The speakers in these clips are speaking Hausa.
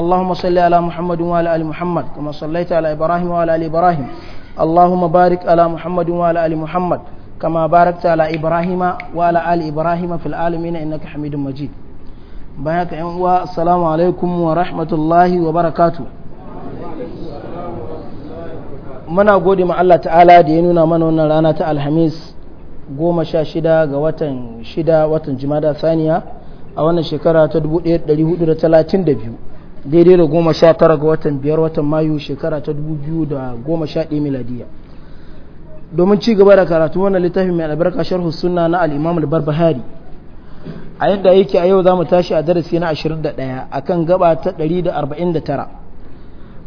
اللهم صل على محمد وعلى ال محمد كما صليت على ابراهيم وعلى ال ابراهيم اللهم بارك على محمد وعلى ال محمد كما باركت على ابراهيم وعلى ال ابراهيم في العالمين انك حميد مجيد بارك السلام عليكم ورحمه الله وبركاته muna gode ma Allah ta'ala da ya nuna mana wannan rana ta alhamis goma sha shida ga watan shida watan jimada saniya a wannan shekara ta 1432 daidai da goma sha tara ga watan biyar watan mayu shekara ta dubu biyu da goma sha ɗaya miladiya domin ci gaba da karatu wannan littafin mai albarka sharhu sunna na al'imam imam al-barbahari a yadda yake a yau za mu tashi a darasi na ashirin da a akan gaba ta tara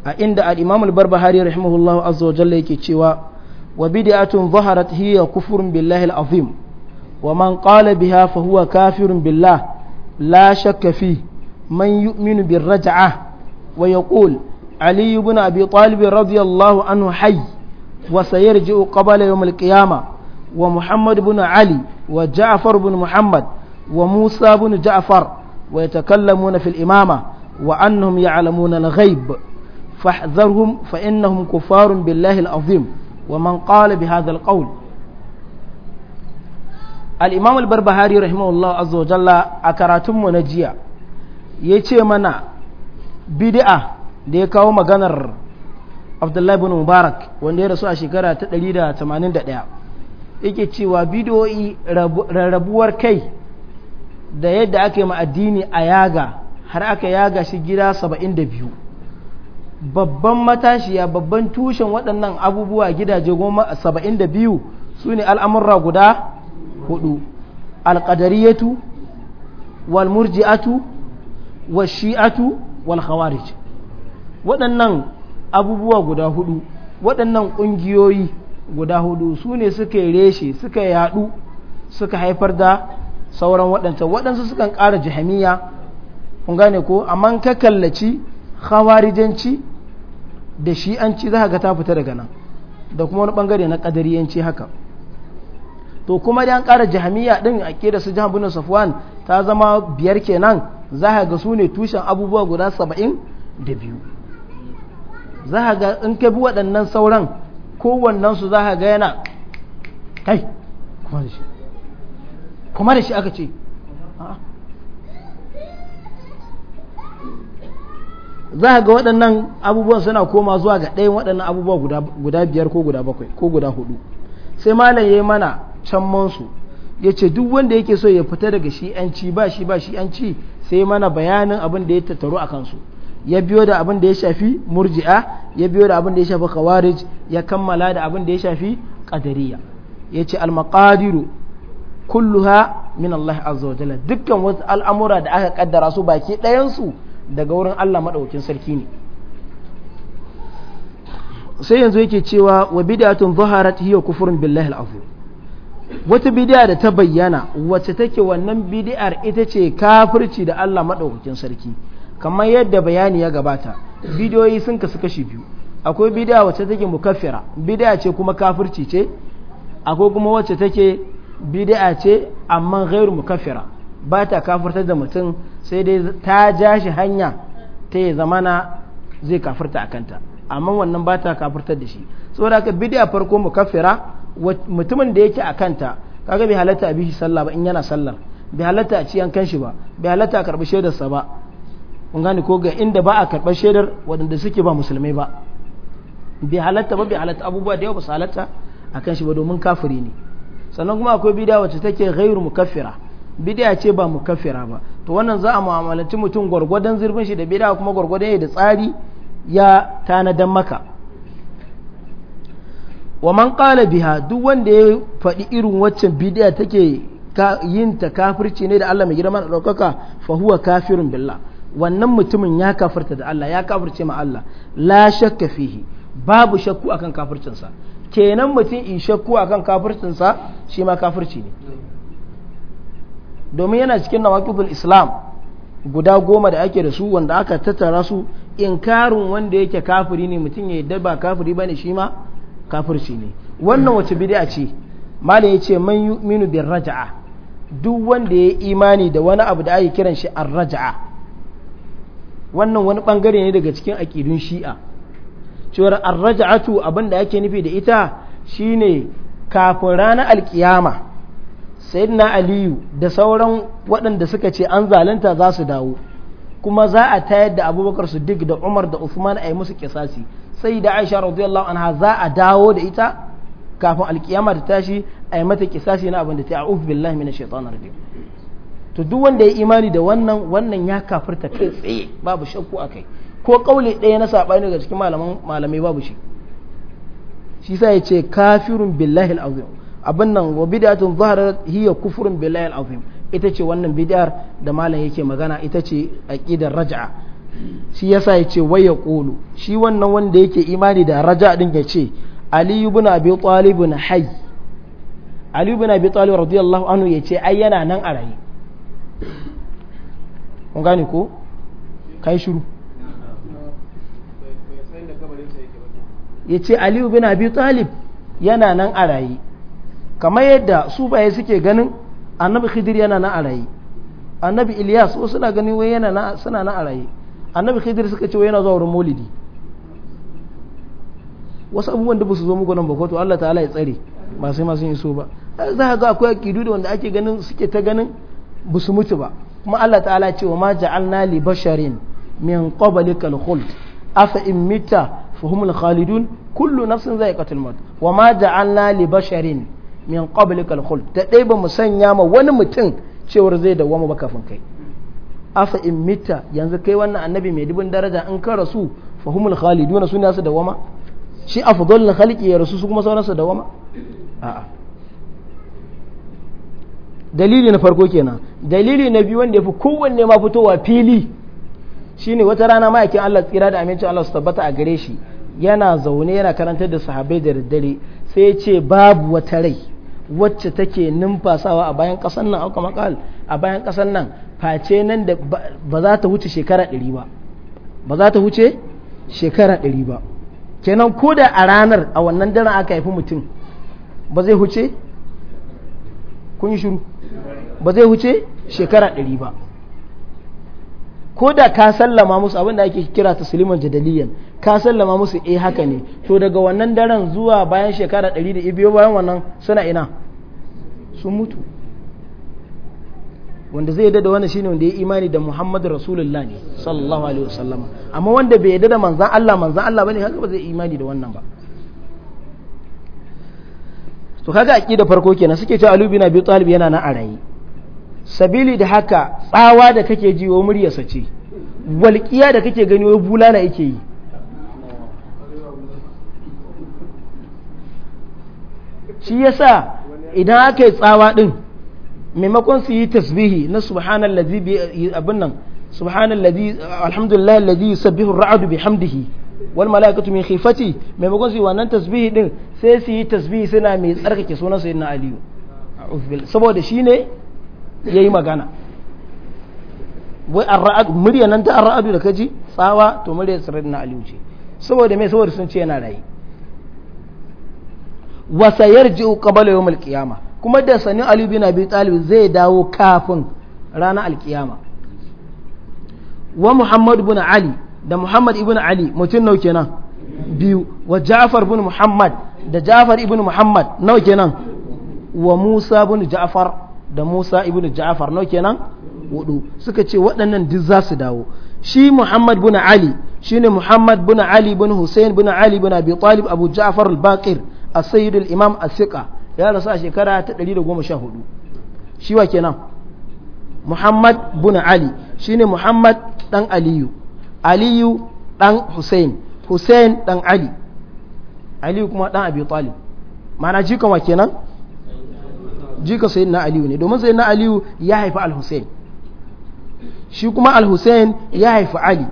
a inda al'imam al-barbahari rahimahullahu azza wa jalla yake cewa wa bid'atun zaharat hiya kufrun billahi al-azim wa man qala biha fa huwa kafirun billah la shakka fihi من يؤمن بالرجعة ويقول علي بن أبي طالب رضي الله عنه حي وسيرجع قبل يوم القيامة ومحمد بن علي وجعفر بن محمد وموسى بن جعفر ويتكلمون في الإمامة وأنهم يعلمون الغيب فاحذرهم فإنهم كفار بالله العظيم ومن قال بهذا القول الإمام البربهاري رحمه الله عز وجل أكراتم ونجيا ya ce mana bid'a da ya kawo maganar abdullahi bin mubarak wanda ya rasu a shekara ta 181 yake cewa bidiyoyi rarrabuwar kai da yadda aka yi addini a yaga har aka yaga shi gida 72 babban matashiya babban tushen waɗannan abubuwa gidaje goma 72 su ne al'amurra guda hudu alƙadariyatu walmurji'atu wa shi'atu wal khawarij waɗannan abubuwa guda hudu waɗannan ƙungiyoyi guda hudu su ne suka reshe suka yaɗu suka haifar da sauran waɗanta waɗansu sukan ƙara jihamiya kun gane ko amma ka kallaci khawarijanci da shi'anci za ga ta fita daga nan da kuma wani bangare na ƙadariyanci haka to kuma da an ƙara jihamiya ɗin a da su jihar safwan ta zama biyar kenan za a ga su ne tushen abubuwa guda saba'in da biyu za a ga in ka bi waɗannan sauran kowannensu za a ga yana kai kuma da shi kuma da shi aka ce za ga waɗannan abubuwan suna koma zuwa ga ɗayan waɗannan abubuwa guda biyar ko guda bakwai ko guda hudu sai malam ya yi mana can mansu ya ce duk wanda yake so ya fita daga shi'anci ba shi ba shi'anci sai mana bayanin abin da ya tattaru a kansu ya biyo da abin da ya shafi murji'a ya biyo da abin da ya shafi kawarij ya kammala da abin da ya shafi qadariyya ya al maqadiru kulluha min Allah azza wa jalla dukkan wasu al'amura da aka kaddara su baki ɗayan su daga wurin Allah madaukin sarki ne sai yanzu yake cewa wa bid'atun zaharat hiya kufrun billahi al wata bidiya da ta bayyana wacce take wannan bidiyar ita ce kafirci da Allah maɗaukakin sarki kamar yadda bayani ya gabata bidiyoyi sun kasu kashi biyu akwai bidiya wacce take mukaffira bidiya ce kuma kafirci ce akwai kuma wacce take bidiya ce amma ghairu mukaffira ba ta kafirtar da mutum sai dai ta ja shi hanya ta ya zamana zai kafirta a kanta amma wannan ba ta kafirtar da shi saboda haka bidiya farko mukaffira mutumin da yake a kanta kaga bai halatta a bishi sallah ba in yana sallar bai halatta a ci yankan shi ba bai halatta a karɓi shaidarsa ba kun gane ko ga inda ba a karɓar shaidar waɗanda suke ba musulmai ba bai halatta ba bai halatta abubuwa da yawa ba su halatta a kan ba domin kafiri ne sannan kuma akwai bidiya wacce take ghairu mukaffira bidiya ce ba mukaffira ba to wannan za a mu'amalanci mutum gwargwadon zirbin shi da bidiya kuma gwargwadon ya da tsari ya tanadan maka wa man qala biha duk wanda ya faɗi irin waccan bidiya take yin ta kafirci ne da Allah mai girma da ɗaukaka fa huwa kafirun billah wannan mutumin ya kafirta da Allah ya kafirce ma Allah la shakka fihi babu shakku akan sa kenan mutum in shakku akan sa shi ma kafirci ne domin yana cikin nawaqibul islam guda goma da ake da su wanda aka tattara su inkarin wanda yake kafiri ne mutum ya yadda ba kafiri bane shi ma kafirci ne wannan wace bid'a ce malam ya ce man yu'minu bir raja'a duk wanda ya imani da wani abu da ake kiran shi ar raja'a wannan wani bangare ne daga cikin aqidun shi'a cewar ar raja'atu abin da ake nufi da ita shine kafin ranar alkiyama sayyidina aliyu da sauran waɗanda suka ce an zalunta za su dawo kuma za a tayar da abubakar su duk da umar da usman a yi musu kisasi sai da aisha radiyallahu anha za a dawo da ita kafin alkiyama ta tashi a yi mata kisashi na abin da ta a'udhu billahi minash shaitanir rajim to duk wanda ya imani da wannan wannan ya kafirta kai tsaye babu shakku akai ko kauli ɗaya na sabani daga cikin malaman malamai babu shi shi sa ya ce kafirun billahi alazim abin nan wa bid'atun zaharat hiya kufrun billahi alazim ita ce wannan bid'ar da malam yake magana ita ce aqidar raj'a shi yasa ya ce waya ƙulu shi wannan wanda yake imani da raja din ya ce aliyu bin abi talibun hayy aliyu bin abi talib radiyallahu anhu ya ce ai yana nan a raye kun gane ko kai shuru ya ce aliyu bin abi talib yana nan a raye kamar yadda su baye suke ganin annabi khidir yana nan a raye annabi ilyas wasu na ganin wai yana suna nan a raye annabi khidir suka ce yana zuwa wurin maulidi wasu abubuwan da ba su zo muku nan ba ko to Allah ta'ala ya tsare ba sai ma sun iso ba za ka ga akwai akidu da wanda ake ganin suke ta ganin ba su mutu ba kuma Allah ta'ala ce wa ma ja'alna li basharin min qablikal khuld afa in mita fa humul khalidun kullu nafsin za'iqatul maut wa ma ja'alna li basharin min qablikal khuld da dai ba mu sanya ma wani mutum cewar zai dawwama ba kafin kai afa in mita yanzu kai wannan annabi mai dubin daraja in ka rasu fahimul khalidu khaliduna suna su dawama shi a afdalul khaliki ya rasu su kuma sauransu dawama a'a dalili na farko kenan dalili na biyu wanda ya fi kowanne ma fitowa fili shine wata rana ma'aikin Allah tsira da amincin Allah su tabbata a gare shi yana zaune yana karantar da sahabai da daddare sai ya ce babu wata rai wacce take numfasawa a bayan kasan nan a bayan kasan nan face nan da ba za ta wuce shekara ɗari ba ba za ta wuce shekara ɗari ba kenan ko da a ranar a wannan daren aka haifi mutum ba zai huce kun yi shuru ba zai huce shekara ɗari ba ko da ka sallama musu abin da ake kira suliman jadaliyan ka sallama musu eh haka ne to daga wannan daren zuwa bayan shekara ɗari da ibiyo bayan wannan suna ina sun mutu wanda zai yadda da wannan shine wanda ya imani da Muhammadu Rasulullah ne sallallahu alaihi wasallam amma wanda bai yadda da manzan Allah manzan Allah bane haka ba zai imani da wannan ba to kaga aqida farko kenan suke cewa Ali bin Abi Talib yana na a sabili da haka tsawa da kake ji wa muryarsa ce walƙiya da kake gani wai bulala yake yi shi yasa idan aka yi tsawa din maimakon su yi tasbihi na subhanallazi bi abin nan subhanallazi alhamdulillah allazi yusabbihu ar-ra'du bihamdihi wal malaikatu min khifati maimakon su yi wannan tasbihi din sai su yi tasbihi suna mai tsarkake sunan sayyidina aliyu saboda shine yayi magana wai ar-ra'd murya nan ta ar-ra'd da kaji tsawa to murya sayyidina aliyu ce saboda mai saboda sun ce yana rayi wa sayarji'u qabla yawm al-qiyamah kuma da sanin Ali bin Abi Talib zai dawo kafin ranar alkiyama wa Muhammad bin Ali da Muhammad ibn Ali mutum nau kenan biyu wa Ja'far bin Muhammad da Ja'far ibn Muhammad nau kenan wa Musa bin Ja'far da Musa ibn Ja'far nau kenan hudu suka ce waɗannan duk za su dawo shi Muhammad bin Ali shine Muhammad bin Ali bin Hussein bin Ali bin Abi Talib Abu Ja'far al-Baqir as-Sayyid al-Imam as-Siqa ya rasu a shekara ta 114 shi wa kenan muhammad bin ali shine muhammad dan aliyu aliyu dan hussein hussein dan ali aliyu kuma dan abi talib mana jikan wa kenan jika sayin na aliyu ne domin sayin na aliyu ya haifi al-hussein shi kuma al-hussein ya haifi ali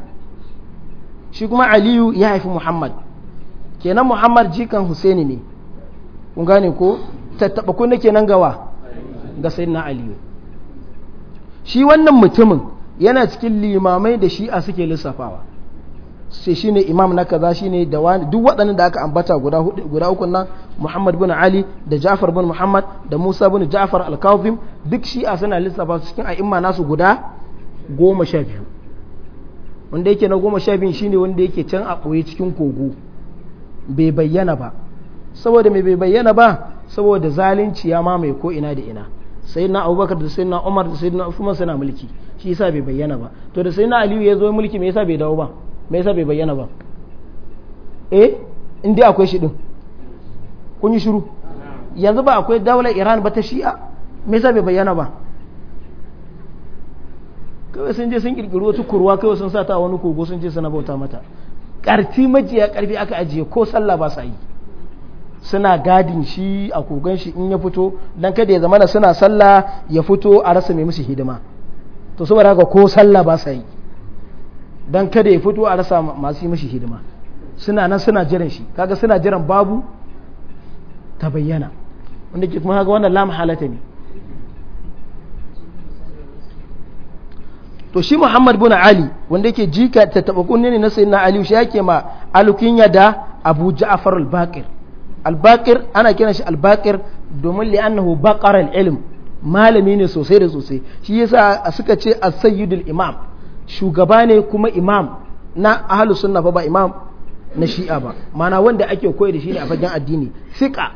shi kuma aliyu ya haifi muhammad kenan muhammad jikan Hussein ne kun gane ko tattaɓa nake nan gawa ga sayyidina aliyu shi wannan mutumin yana cikin limamai da shi'a suke lissafawa sai shine imam na kaza shine da wani duk waɗannan da aka ambata guda hudu uku nan Muhammad bin Ali da Ja'far bin Muhammad da Musa bin Ja'far al-Kawthim duk shi'a suna lissafa cikin a'imma nasu guda goma sha biyu wanda yake na goma sha biyu shine wanda yake can a ɓoye cikin kogo bai bayyana ba saboda mai bai bayyana ba saboda zalunci ya mamaye ko ina da ina sai na abubakar da sai na umar da sayyidina usman suna mulki shi yasa bai bayyana ba to da sai na aliyu ya zo mulki me yasa bai dawo ba me yasa bai bayyana ba eh in dai akwai shi din kun yi shiru yanzu ba akwai daular iran ba ta shi'a me yasa bai bayyana ba kawai sun je sun kirkiri wata kurwa kawai sun sa ta wani kogo sun je suna bauta mata karfi majiya karfi aka ajiye ko sallah ba sa yi suna gadin shi a kogon shi in ya fito don kada ya da suna sallah ya fito a rasa mai musu hidima to su ga ko sallah ba sa yi don kada ya fito a rasa masu yi musu hidima suna nan suna jiran shi kaga suna jiran babu ta bayyana wanda ke kuma kaga wannan lam halata ne to shi Muhammad bin Ali wanda yake jika ta taba kunne ne na sayyidina Ali shi yake ma alukin da Abu Ja'far al-Baqir albakir ana kiran shi albakir domin li'annahu baqara ilm malami ne sosai da sosai shi yasa suka ce as-sayyidul imam shugaba ne kuma imam na ahlus sunna fa ba imam na shi'a ba mana wanda ake koyar da shi ne a fagen addini fiqa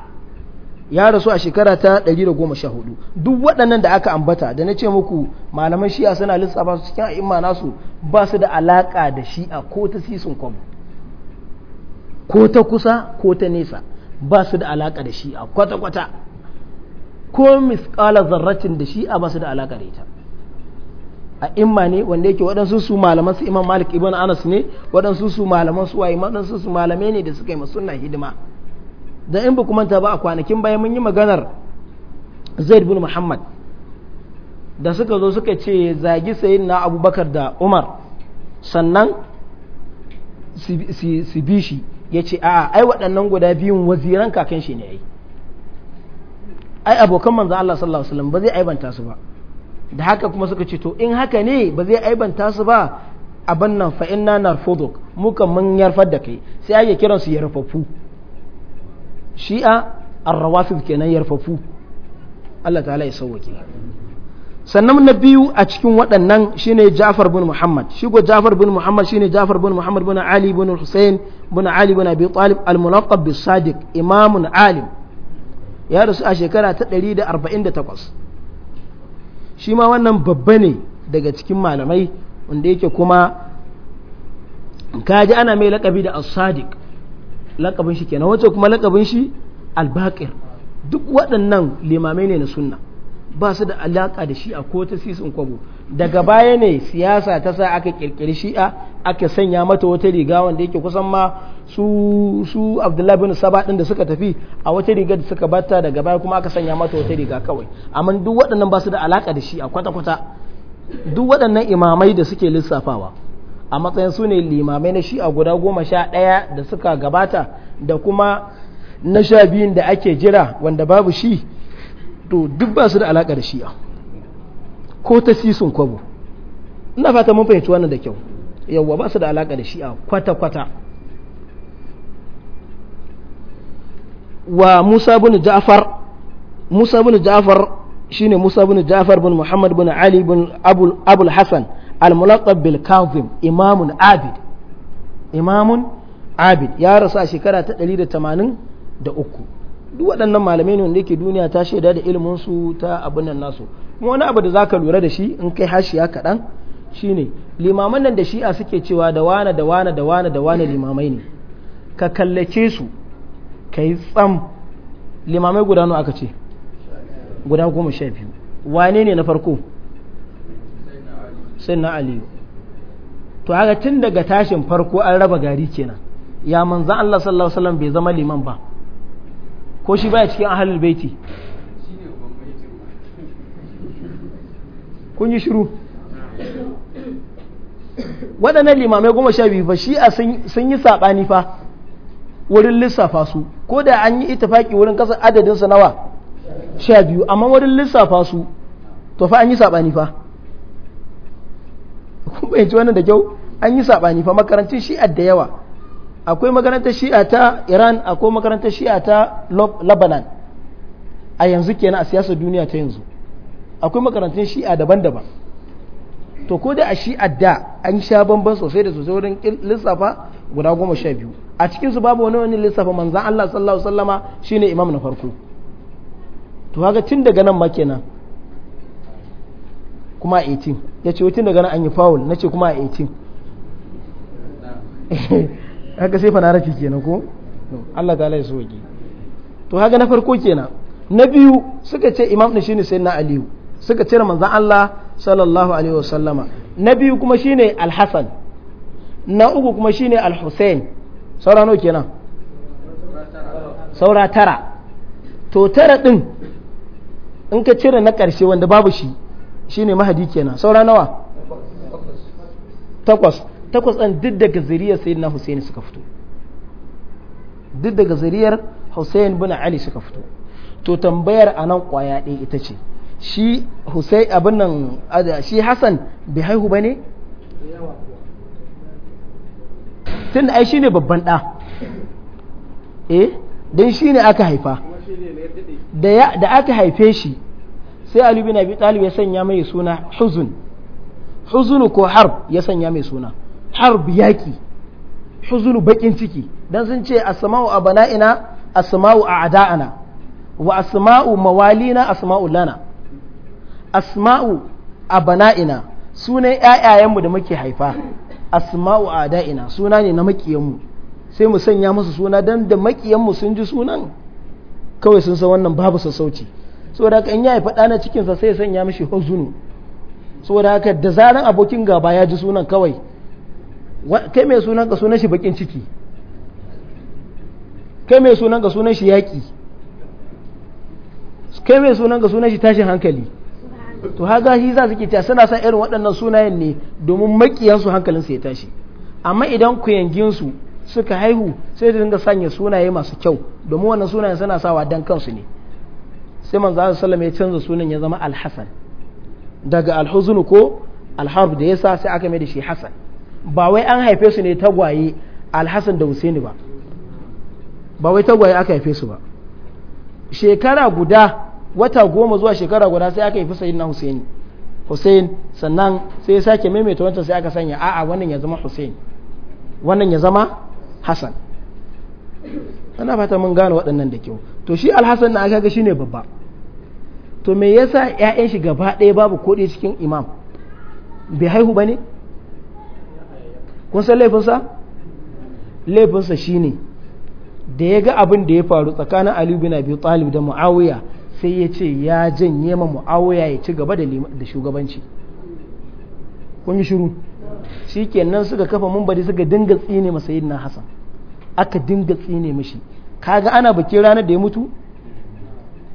ya rasu a shekara ta 114 duk waɗannan da aka ambata da na ce muku malaman shi'a suna lissafa su cikin a'imma nasu ba su da alaka da shi'a ko ta sisin ko ta kusa ko ta nesa ba su da alaka da shi a kwata-kwata ko misƙala zarracin da shi a ba su da alaka da ita a imma ne wanda yake waɗansu su malaman su imam malik ibn anas ne waɗansu su malaman su waye waɗansu su malamai ne da suka yi masunna hidima da in ba ku manta ba a kwanakin baya mun yi maganar zaid bin muhammad da suka zo suka ce zagi sayin na abubakar da umar sannan su bi ya ce a ai waɗannan guda biyun waziran kakan shi ne ai ai abokan manzo Allah sallallahu alaihi wasallam ba zai aibanta su ba da haka kuma suka ce to in haka ne ba zai aibanta su ba abin nan fa inna narfuduk muka mun yarfar da kai sai ake kiran su yarfafu shi'a ar-rawafid kenan yarfafu Allah ta'ala ya sauwake sannan na biyu a cikin waɗannan shine Ja'far bin Muhammad shi go Ja'far bin Muhammad shine Ja'far bin Muhammad bin Ali bin Hussein bin Ali bin Abi Talib al-Munaqqab bi Sadiq imamun alim ya rasu a shekara ta 148 shi ma wannan babba ne daga cikin malamai wanda yake kuma kaji ana mai lakabi da as-Sadiq lakabin shi kenan wace kuma lakabin shi al-Baqir duk waɗannan limamai ne na sunna ba su da alaka da shi a ko ta sisin kwabo daga baya ne siyasa ta sa aka kirkiri shi'a aka sanya mata wata riga wanda yake kusan ma su su abdullahi bin saba din da suka tafi a wata riga da suka bata daga baya kuma aka sanya mata wata riga kawai amma duk waɗannan ba su da alaka da shi'a kwata kwata duk waɗannan imamai da suke lissafawa a matsayin su ne limamai na shi'a guda goma sha ɗaya da suka gabata da kuma na sha biyun da ake jira wanda babu shi to duk ba su da alaka da shi'a ko ta sisun kwabo ina fata mun fahimci wannan da kyau yawwa ba su da alaka da shi'a kwata-kwata wa musa bin ja'far musa bin ja'far shine musa bin ja'far bin muhammad bin ali bin abul abul hasan al-mulaqab bil kazim imamun abid imamun abid ya rasu a shekara ta 183 duk waɗannan malamai ne wanda yake duniya ta shaida da ilminsu ta abin nan nasu kuma wani abu da zaka lura da shi in kai hashiya kaɗan shine limaman nan da shi'a suke cewa da wane da wane da wane da wane limamai ne ka kallace su ka yi tsam limamai guda nawa aka ce guda goma sha biyu wane ne na farko sai na aliyu to haka tun daga tashin farko an raba gari kenan ya manzan Allah sallallahu alaihi wasallam bai zama liman ba ko shi baya cikin ahlul baiti kun yi shiru waɗannan limamai goma sha biyu fa shi'a sun yi saɓani fa wurin lissafa su ko da an yi ittifaki wurin kasa adadin su nawa sha biyu amma wurin lissafa su to fa an yi saɓani fa kun bayyanci wannan da kyau an yi saɓani fa makarantun shi'a da yawa akwai makarantar shi'a ta iran akwai makarantar shi'a ta lebanon a yanzu kenan a siyasar duniya ta yanzu akwai makarantun shi'a daban-daban to ko da a shi'a da an sha bambam sosai da sosai wurin lissafa guda goma sha biyu a cikinsu babu wani wani lissafa manzan Allah sallallahu sallama shine imam na farko to haka tun daga nan make nan kuma a 18 ya ce tun daga nan an yi fawul na ce kuma a 18 haka sai rafi kenan ko Allah ta ya soke to haka na farko kenan na biyu suka ce imam ne sai na aliyu suka cire manzan Allah sallallahu alaihi wasallama na biyu kuma shine al-hasan na uku kuma shine al-husain saura nawa kenan saura tara to tara din in ka cire na ƙarshe wanda babu shi shine mahadi kenan saura nawa takwas takwas ɗin duk daga zuriyar sayyidina Hussein suka fito duk daga zuriyar Hussein bin Ali suka fito to tambayar anan ƙwaya ɗaya ita ce shi husai abin nan shi hassan bai haihu ba ne tun ai shi ne babban ɗa eh don shi ne aka haifa da aka haife shi sai ali na biyu talib ya sanya mai suna huzun huzunu ko harb ya sanya mai suna harb yaki huzunu bakin ciki dan sun ce asma'u ina asma'u a'da'ana wa asma'u mawalina asma'u lana asma'u a bana'ina sunan ‘ya'yayenmu da muke haifa asma'u a da'ina suna ne na makiyanmu sai mu sanya musu suna don da makiyanmu sun ji sunan kawai sun san wannan babu sassauci saboda haka in ya haifa ɗana cikinsa sai ya sanya mishi hozunu saboda haka da zaran abokin gaba ya ji sunan kawai kai mai sunan ka sunan shi bakin ciki kai mai sunan ka sunan shi yaƙi kai mai sunan ka sunan shi tashin hankali to haga shi za su ke ta suna san irin waɗannan sunayen ne domin makiyansu hankalin su ya tashi amma idan ku kuyanginsu suka haihu sai da dinga sanya sunaye masu kyau domin wannan sunayen suna sawa dan kansu ne sai manzo Allah sallallahu ya canza sunan ya zama al-hasan daga al-huzn ko al-harb da yasa sai aka mai da shi hasan ba wai an haife su ne tagwaye al-hasan da husaini ba ba wai tagwaye aka haife su ba shekara guda wata goma zuwa shekara guda sai aka yi fi na husaini hussein sannan sai ya sake maimaita wancan sai aka sanya a'a wannan ya zama hussein wannan ya zama hassan ana fata mun gane waɗannan da kyau to shi alhassan na aka ga shine babba to me yasa ƴaƴan shi gaba ɗaya babu koɗi cikin imam bai haihu ba ne kun san laifinsa laifinsa shine da ya ga abin da ya faru tsakanin ali bin abi talib da muawiya sai ya ce ya janye ma mu'awiya ya ci gaba da shugabanci kun yi ke nan suka kafa mumbari suka dinga tsine masa yin hasan aka dinga tsine mashi kaga ana bakin ranar da ya mutu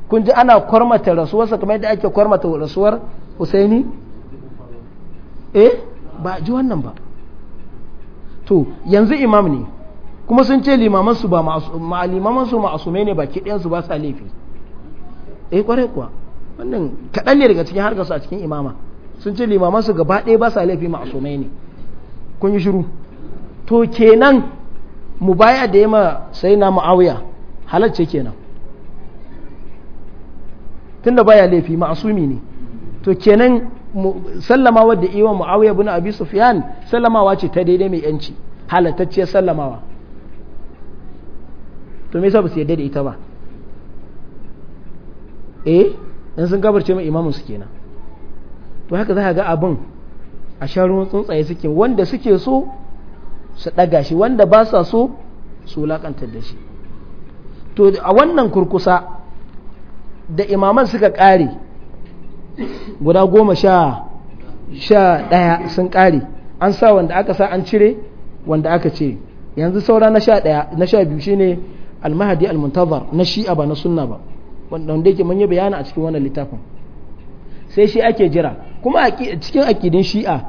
kun ji ana kwarmata rasuwarsa kamar yadda ake kwarmata rasuwar husaini eh ba ji wannan ba to yanzu imam ne kuma sun ce limamansu ba limamansu ma'asume ne baki ɗayansu ba sa laifi eh kwarai kuwa wannan kaɗan ne daga cikin harkarsu a cikin imama sun ce limaman su gaba ɗaya ba sa laifi ma'asumai ne kun yi shiru to kenan mu baya da yama sai na mu'awiya halarce kenan tunda baya laifi ma'asumi ne to kenan sallamawa da iwa mu'awiya bin abi sufyan sallamawa ce ta daidai mai yanci halattacciyar sallamawa to me yasa ba su yarda da ita ba eh in sun gabarce mai imamun su kenan to haka za ka ga abin a ruwan tsuntsaye suke wanda suke so su daga shi wanda ba sa so su lakantar da shi to a wannan kurkusa da imaman suka kare guda goma sha sha ɗaya sun kare an sa wanda aka sa an cire wanda aka ce yanzu saura na sha daya na sha biyu shine almahadi almuntazar na shi'a ba na sunna ba wanda yake mun yi bayani a cikin wannan littafin sai shi ake jira kuma cikin akidin shi'a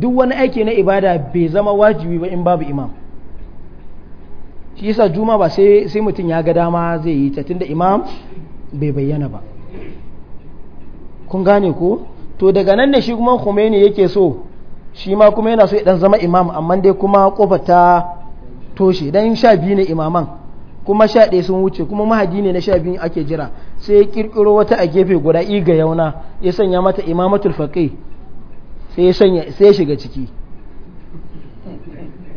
duk wani aiki na ibada bai zama wajibi ba in babu imam shi yasa juma ba sai mutum ya ga dama zai yi ta tunda imam bai bayyana ba kun gane ko to daga nan ne shi kuma Khomeini yake so shi ma kuma yana so ya dan zama imam amma dai kuma kofa ta toshe dan sha biyu ne imaman kuma sha ɗaya sun wuce kuma mahadi ne na sha biyu ake jira sai ya kirkiro wata a gefe guda iga yauna ya sanya mata imamatul faqih sai ya sanya sai ya shiga ciki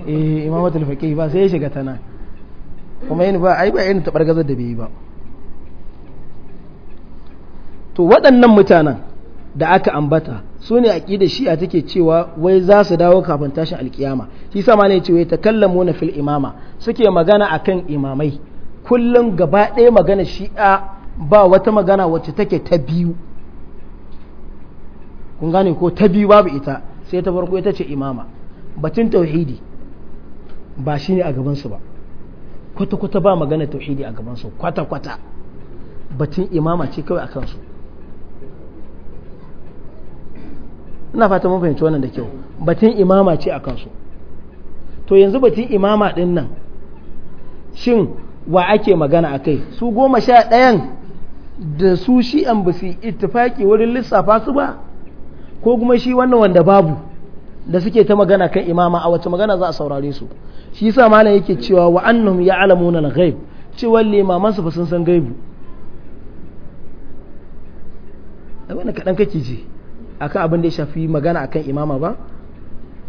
eh imamatul faqih ba sai ya shiga tana kuma yin ba ai ba yin tabar gazar da bai yi ba to waɗannan mutanen da aka ambata su ne aƙidar shi'a take cewa wai za su dawo kafin tashin alkiyama shi sama ne cewa ta kallamu na fil imama suke magana akan imamai kullum gaba ɗaya magana shi'a ba wata magana wacce take ta biyu kun gane ko ta biyu babu ita sai ta farko ita ce imama batun tauhidi ba shi ne a gabansu ba kwata-kwata ba magana tauhidi a gabansu kwata-kwata batun imama ce kawai a kansu ina fata mun fahimci wannan da kyau batun imama ce a kansu to yanzu batun imama din nan shin wa ake magana a kai su goma sha ɗayan da su an ba su ittifaki wurin lissafa su ba ko kuma shi wannan wanda babu da suke ta magana kan imama a wace magana za a saurare su shi yasa malam yake cewa wa annahum ya'lamuna al-ghaib cewa limaman su ba sun san gaibu abin da kadan kake ji akan abin da ya shafi magana akan imama ba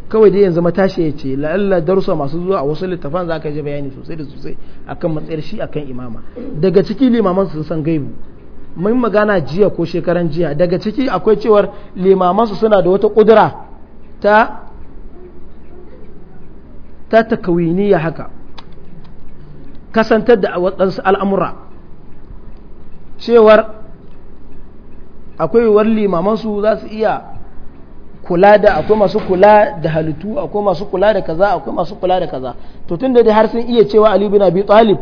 kawai dai yanzu matashi ya ce la'alla darussa masu zuwa a wasu littafan za ka je bayani sosai da sosai akan matsayar shi akan imama daga ciki limaman sun san gaibu mun magana jiya ko shekaran jiya daga ciki akwai cewar limamansu suna da wata ƙudura ta ta takawiniya haka kasantar da waɗansu al'amura cewar akwai yiwuwar limamansu za su iya kula da akwai masu kula da halittu akwai masu kula da kaza akwai masu kula da kaza to tun da har sun iya cewa alibina bi talib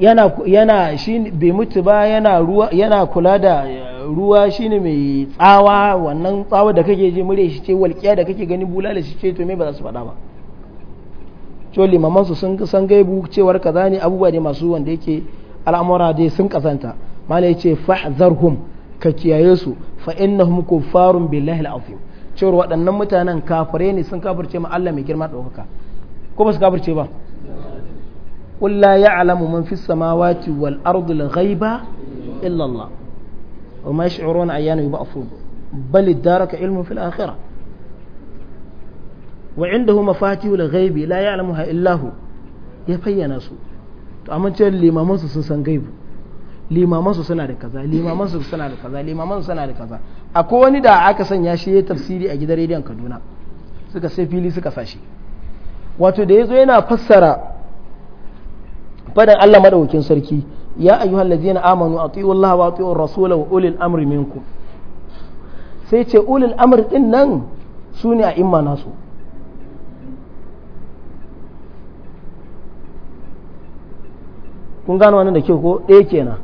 yana yana shi bai mutu ba yana yana kula da eh, ruwa shine mai tsawa wannan tsawa da kake ji mure shi ce walƙiya da kake gani bulala shi ce to me ba za su faɗa ba to limaman su sun san gaibu cewar kaza ne abubuwa ne masu wanda yake al'amura dai sun kasanta malai ce fa'zarhum ka kiyaye su fa innahum kuffarun billahi al'azim cewar waɗannan mutanen kafirai ne sun kafirce ma Allah mai girma ɗaukaka ko ba su kafirce ba قل لا يعلم من في السماوات والأرض الغيب إلا الله وما يشعرون أيان يبعثون بل ادارك علم في الآخرة وعنده مفاتيح الغيب لا يعلمها إلا هو يبين سوء amma ce limamansu sun san gaibu limamansu suna da kaza limamansu suna da kaza limamansu suna da kaza akwai wani da aka sanya shi ya tafsiri a gidan rediyon kaduna suka sai fili suka sashi wato da ya zo yana fassara fadan Allah madaukakin sarki ya ayyuhal ladzina amanu atiiu Allah wa atiiu rasula wa ulil amri minkum sai ce ulil amri din nan su ne a imma nasu kun gano wannan da kyau ko ɗaya kenan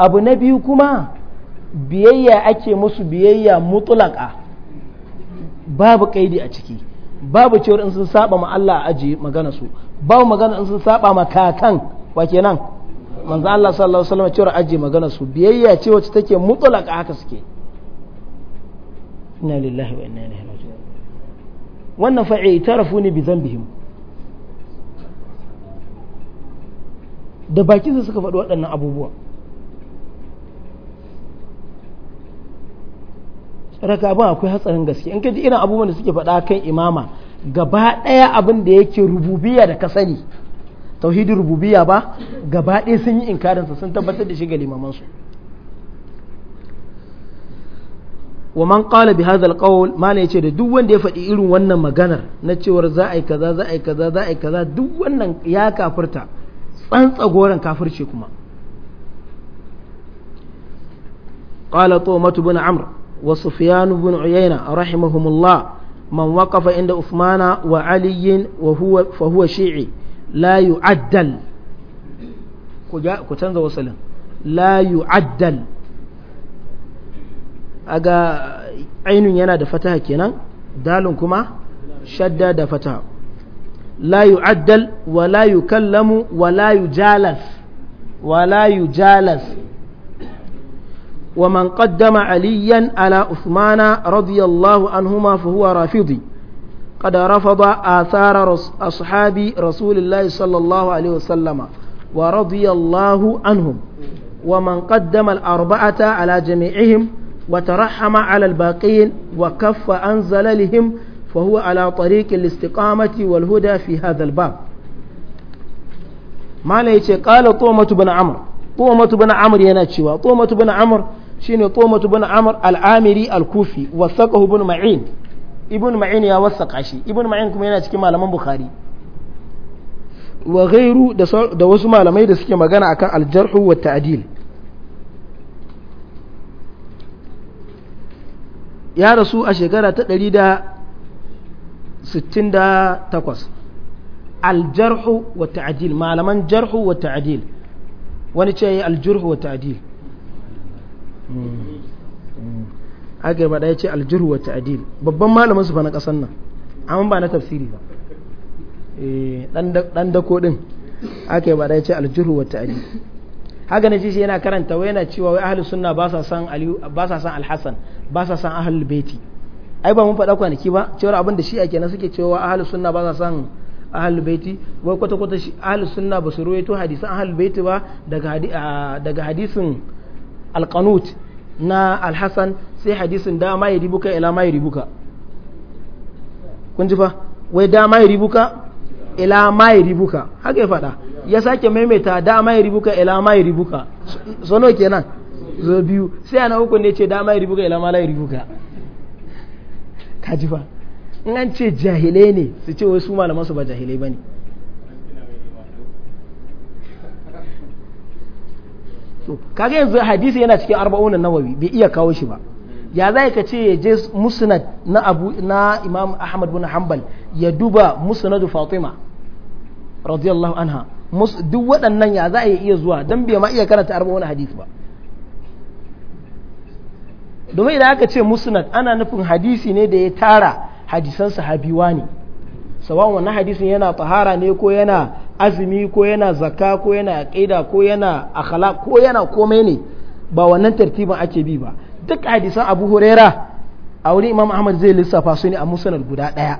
abu na biyu kuma biyayya ake musu biyayya mutlaka babu kaidi a ciki babu cewar in sun saba ma Allah a ajiye magana su babu magana in sun saba ma kakan wa kenan manzo Allah sallallahu alaihi wasallam cewa aje magana su biyayya ce wacce take mutlaka haka suke inna lillahi wa inna ilaihi raji'un wannan fa i'tarafu ne bi dhanbihim da baki su suka faɗi waɗannan abubuwa raka abin akwai hatsarin gaske in kaji irin abubuwan da suke faɗa kan imama gaba ɗaya abin da yake rububiya da ka sani tauhidin rububiya ba gaba ɗaya sun yi inkarinsa sun tabbatar da shi ga limamansu wa man qala bi hadha alqawl mala yace da duk wanda ya faɗi irin wannan maganar na cewar za a yi kaza za a yi kaza za a yi kaza duk wannan ya kafirta tsantsa goran kafirce kuma qala tumatu bin amr wa sufyan bin uyayna rahimahumullah man waqafa inda usmana wa ali wa huwa fa huwa shi'i la yu'addal ku canza wasalin la yu'addal aga ainun yana da fataha kenan dalin kuma shadda da fataha la wa la yukallamu wa la usmana wa la yujalas ومن قدم عليا قد رفض آثار أصحاب رسول الله صلى الله عليه وسلم ورضي الله عنهم ومن قدم الأربعة على جميعهم وترحم على الباقين وكف عن زللهم فهو على طريق الاستقامة والهدى في هذا الباب ما ليتي قال طومة بن عمرو طومة بن عمرو يناتشوا طومة بن عمرو شين طومة بن عمرو العامري الكوفي وثقه بن معين ibn ma'in ya wasaƙa shi ibn ma'in kuma yana cikin malaman bukhari wa ghairu da wasu malamai da suke magana akan aljarhu wa ta'dil ya rasu a shekara ta 168 aljarhu wa ta'dil malaman jarhu wa ta'dil wani ce aljarhu wa ta'dil hmm. ba bada ya ce aljuru wa ta'adil babban malamin su fa na kasan nan amma ba na tafsiri ba dan eh, dako din ba bada ya ce aljuru wa ta'adil haka na shi yana karanta wai yana cewa wai ahli sunna ba sa san aliyu ba sa san alhasan ba sa san ahlul baiti ai ba mun faɗa kwanaki ba cewar abin da shi ake na suke cewa ahli sunna ba sa san ahlul baiti wai kwata kwata shi ahli sunna ba su ruwaito hadisan ahlul baiti ba daga daga hadisin alqanut na alhassan sai hadisin da ma ribuka ila ma ya ribuka kun ji fa wai da ma ribuka ila ma ribuka haka ya faɗa ya sake maimaita da ma ribuka ila ma ya yaribuka sono kenan zo biyu sai ana uku ne ce da ma ribuka ila ma la ribuka ka ji fa in an ce jahilai ne su ce wai su malaman su ba jahilai bane so kaga yanzu hadisi yana cikin arba'unan nawawi bai iya kawo shi ba ya zai ka ce je musnad na abu na imam ahmad bin hanbal ya duba musnadu fatima radiyallahu anha duk waɗannan ya za a iya zuwa don bai ma iya karanta arba'unan hadisi ba domin idan aka ce musnad ana nufin hadisi ne da ya tara hadisan sahabiwa ne sawan wannan hadisin yana tahara ne ko yana azumi ko yana zakka ko yana aƙida ko yana akhlaq ko yana komai ne ba wannan tartibin ake bi ba duk hadisan Abu Huraira a wurin Imam Ahmad zai lissafa su ne a musanar guda ɗaya.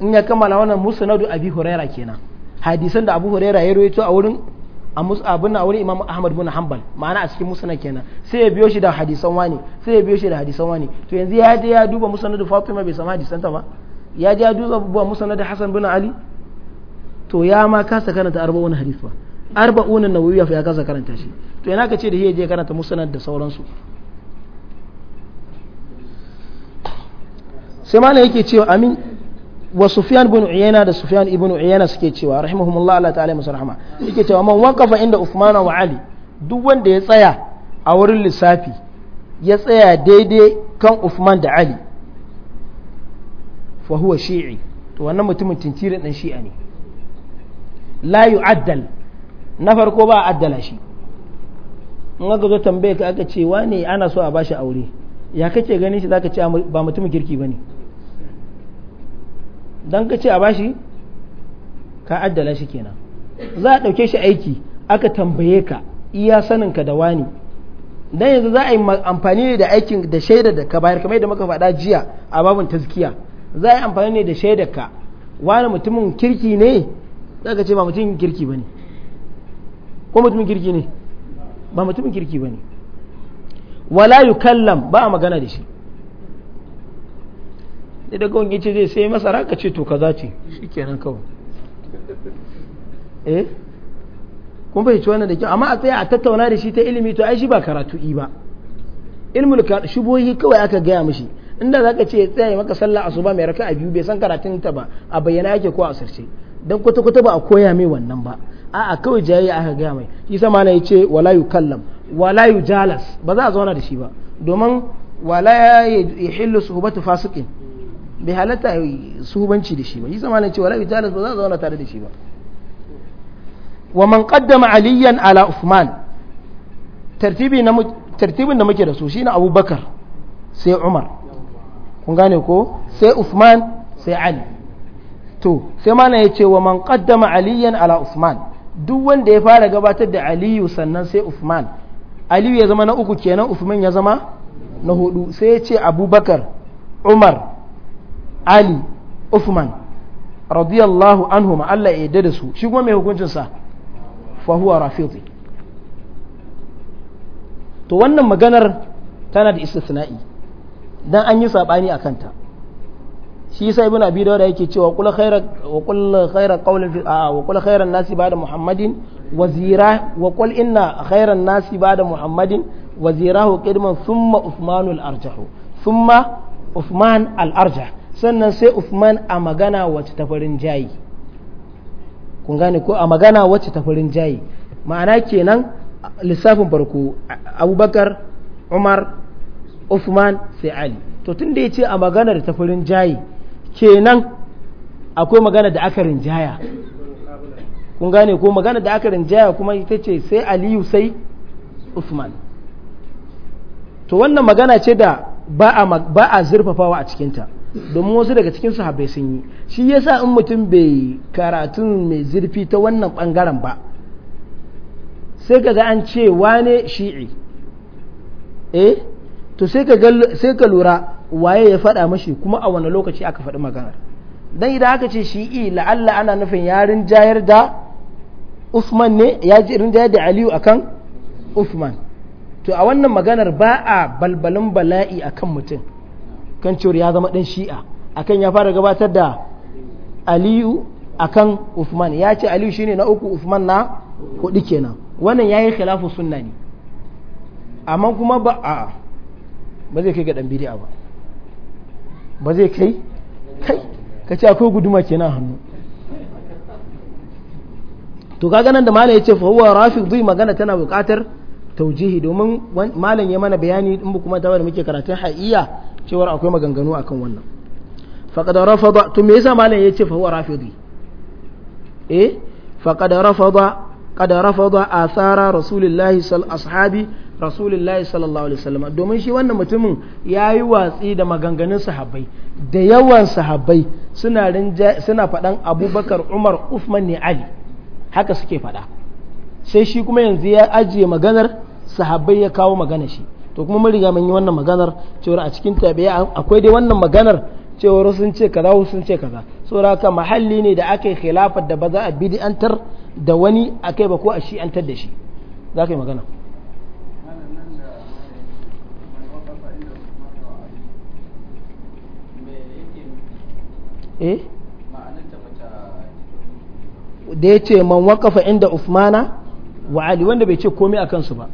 in ya kammala wannan musanadu Abi Huraira kenan hadisan da Abu Huraira ya rawaito a wurin abin a wurin Imam Ahmad bin Hanbal ma'ana a cikin musanar kenan sai ya biyo shi da hadisan wani sai ya biyo shi da hadisan wani to yanzu ya je ya duba musanadu Fatima bai samu hadisan ta ba ya je ya duba musanadu Hassan bin Ali to ya ma kasa karanta arba'un hadith ba arba'un nawawiya fa ya kasa karanta shi to yana ka ce da je karanta musnad da sauransu sai malam yake cewa amin wa sufyan ibn uyayna da sufyan ibn uyayna suke cewa rahimahumullah Allah ta'ala musu rahama yake cewa man waqafa inda usman wa ali duk wanda ya tsaya a wurin lissafi ya tsaya daidai kan usman da ali fa huwa shi'i to wannan mutumin tintirin dan shi'a ne la addal na farko ba addala shi in aka zo tambaye ka aka ce wane ana so a bashi aure ya kake ganin shi zaka ce ba mutumin kirki bane dan ka ce a bashi ka addala shi kenan za a ɗauke shi aiki aka tambaye ka iya ka da wani dan yanzu za a yi amfani ne da aikin da shaidar da ka bayar kamar yadda muka faɗa jiya a babin tazkiya za a yi amfani ne da shaidar ka wani mutumin kirki ne za ka ce ba mutumin kirki ba ne ko mutum kirki ne ba mutum kirki ba ne wala yi kallam ba a magana da shi da daga wani ce zai sai masara ka ce to ka za ce shi kenan kawai eh kun ci wannan da kyau amma a tsaya a tattauna da shi ta ilimi to ai shi ba karatu ba ilmul shubohi kawai aka gaya mishi inda zaka ce ya tsaya maka sallah asuba mai raka'a biyu bai san karatun ta ba a bayyana yake ko a asirce dan kwata-kwata ba a koya mai wannan ba a kawai jayayya aka gaya mai shi sama na yace wala kallam wala jalas ba za a zauna da shi ba domin wala su suhbatu fasikin bai halatta suhubanci da shi ba shi sama na yace wala jalas ba za a zauna tare da shi ba wa man qaddama aliyan ala uthman tartibi na tartibin da muke da su shine abubakar sai umar kun gane ko sai uthman sai ali to sai mana ya ce wa man qaddama aliyan ala usman duk wanda ya fara gabatar da aliyu sannan sai usman aliyu ya zama na uku kenan usman ya zama na hudu sai ya ce abubakar umar ali usman radiyallahu ma Allah ya yarda da su shi kuma mai hukuncin sa fa huwa to wannan maganar tana da istisna'i dan an yi sabani akan ta shi yasa ibn abi dawud yake cewa kula khaira wa kul khaira qawlin fi a wa kul khairan nasi ba'da muhammadin wazira wa qul inna khairan nasi ba'da muhammadin wazirahu qidman thumma uthman al arjahu thumma uthman al arjah sannan sai uthman a magana wacce ta farin jayi kun gane ko a magana wacce ta farin jayi ma'ana kenan lissafin farko abubakar umar uthman sai ali to tun da ya ce a maganar ta farin jayi kenan akwai magana da aka rinjaya kun gane ko magana da aka rinjaya kuma ita ce sai aliyu sai usman to wannan magana ce da ba a zurfafawa a cikinta domin wasu daga cikin sahabbai sun yi shi yasa in mutum bai karatun mai zurfi ta wannan bangaren ba sai ka ga an ce wane shi'i eh to sai ka lura waye ya faɗa mashi kuma a wani lokaci aka faɗi maganar dan idan aka ce shi shi'i la'alla ana nufin ya rinjayar da Usman ne ya ji rinjayar da Aliyu akan Usman to a wannan maganar ba a balbalin bala'i akan mutum kan cewar ya zama ɗan shi'a akan ya fara gabatar da Aliyu akan Usman ya ce Aliyu shine na uku Usman na hudu kenan wannan yayi khilafu sunna ne amma kuma ba a ba zai kai ga dan bid'a ba ba zai kai kai ka ce akwai guduma kenan hannu to ga ganin da malam ya ce fahuwa rafi zai magana tana bukatar taujihi domin malam ya mana bayani in ba kuma tawar muke karatun ha'iya cewar akwai maganganu akan wannan rafa ba to me yasa malam ya ce fahuwa rafi zai eh faqad rafa ba a tsara rasulullahi sal ashabi rasulullahi sallallahu alaihi wasallam domin shi wannan mutumin ya yi watsi da maganganun sahabbai da yawan sahabbai suna rinja suna faɗan abubakar umar usman ne ali haka suke faɗa sai shi kuma yanzu ya ajiye maganar sahabbai ya kawo magana shi to kuma mun riga mun yi wannan maganar cewa a cikin tabi'a akwai dai wannan maganar cewar sun ce kaza sun ce kaza saboda haka mahalli ne da aka yi khilafar da ba za a bid'antar da wani akai ba ko a shi antar da shi za ka yi magana eh da ya ce man wakafa inda ufmana wa Ali wanda bai ce komai a kansu ba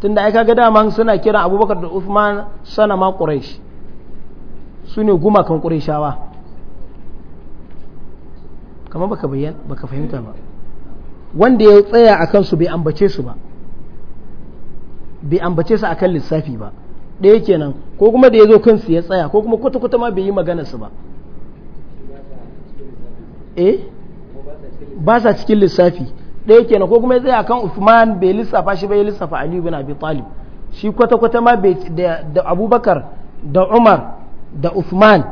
tun da aika ga dama suna kiran Abubakar da ufman sana ma Quraysh su ne gumakan ba ka baka ba baka fahimta ba wanda ya tsaya a kansu bai ambace su ba bai ambace su akan lissafi ba ɗaya kenan ko kuma da ya zo kansu ya tsaya ko kuma kwata-kwata ma bai yi magana su ba eh ba sa cikin lissafi ɗaya kenan ko kuma zai akan Uthman bai lissafa shi bai lissafa Aliyu bin Abi Talib shi kwata kwata ma da Abubakar da Umar da Uthman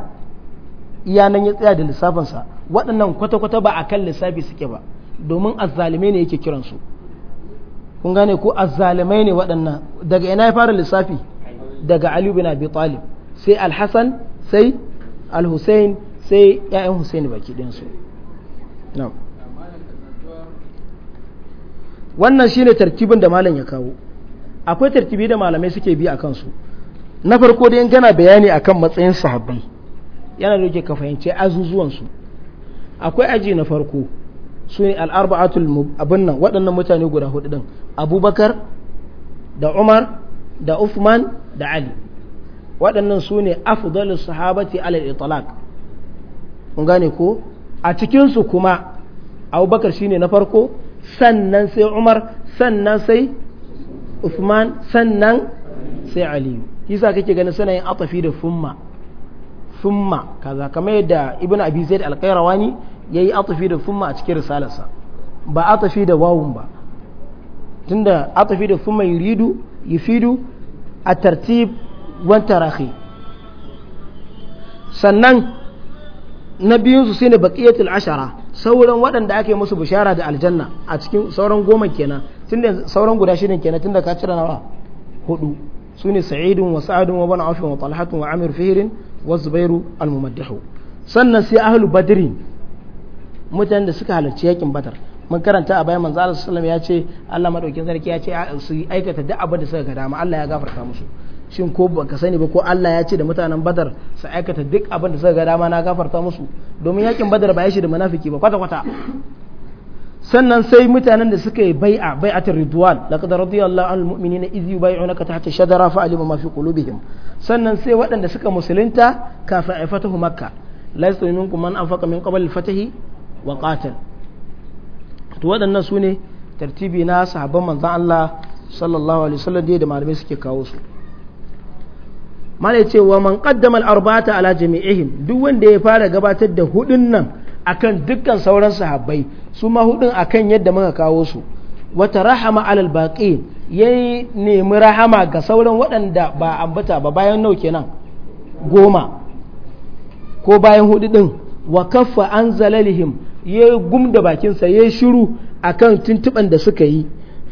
iyanan ya tsaya da lissafinsa waɗannan kwata kwata ba kan lissafi suke ba domin azalimai ne yake kiran su kun gane ko azalimai ne waɗannan daga ina ya fara lissafi daga Aliyu bin Abi Talib sai al sai Al-Hussein sai 'ya'yan Hussein baki ɗinsu. su wannan shine tartibin da malam ya kawo akwai tartibi da malamai suke bi a kansu na farko da yin gana bayani a kan matsayin sahabbai yana da yake ka fahimci azuzuwansu akwai aji na farko su ne al'arba'atul abin nan waɗannan mutane guda hudu din abubakar da umar da uthman da ali waɗannan su ne afdalus sahabati alal itlaq kun gane ko a cikinsu kuma abubakar shine na farko sannan sai umar sannan sai uthman sannan sai aliyu kisa kake ganin suna yin atafi da fumma fumma kaza kamar yadda ibn abi zaid al-qayrawani yayi atafi da fumma a cikin risalarsa ba atafi da wawun ba tunda atafi da fumma yuridu yufidu a tartib wan tarahi sannan na biyunsu su ne baqiyatul ashara sauran waɗanda ake musu bishara da aljanna a cikin sauran goma kenan tunda sauran guda shirin kenan tunda ka cira nawa hudu sune sa'idun wa sa'adun wa banu wa talhatun wa amir fihrin wa zubairu al sannan sai ahlu badrin mutanen da suka halarci yakin badar mun karanta a bayan manzo sallallahu alaihi wasallam ya ce Allah madaukin sarki ya ce su aikata duk abin da suka ga dama Allah ya gafarta musu shin ko baka sani ba ko Allah ya ce da mutanen badar su aikata duk abin da suka ga dama na gafarta musu domin yakin badar ba ya shi da munafiki ba kwata kwata sannan sai mutanen da suka yi bai'a bai'atul ridwan laqad radiyallahu anil mu'minina idh yubay'unaka tahta shajara fa alima ma fi qulubihim sannan sai waɗanda suka musulunta kafin a fatahu makka laysa minkum man anfaqa min qabl al-fatahi wa qatal to waɗannan su ne tartibi na sahabban manzon Allah sallallahu alaihi wasallam da malamai suke kawo su mana ce wa man qaddama al-arba'ata ala jami'ihim duk wanda ya fara gabatar da hudun nan akan dukkan sauran sahabbai su ma hudun akan yadda muka kawo su wata rahama alal baqin yayi nemi rahama ga sauran waɗanda ba ambata ba bayan nau kenan goma ko bayan hudu din wa kaffa anzalalihim yayi gumda bakin bakinsa yayi shiru akan tuntuban da suka yi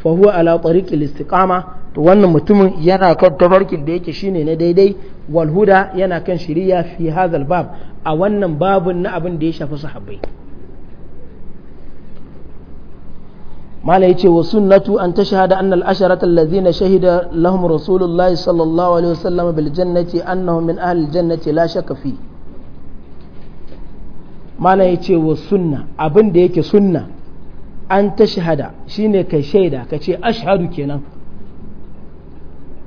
fa huwa ala tariqil istiqama to wannan mutumin yana kan tafarkin da yake shine na daidai walhuda yana kan shiriya fi hadhal bab a wannan babu na abin da ya shafi sahabbai mala yace wa sunnatu an tashhada anna al asharata alladhina shahida lahum rasulullahi sallallahu alaihi wasallam bil jannati annahum min ahli jannati la shakka fi mala yace wa sunna abin da yake sunna an ta shahada shine ka shaida ka ce ashhadu kenan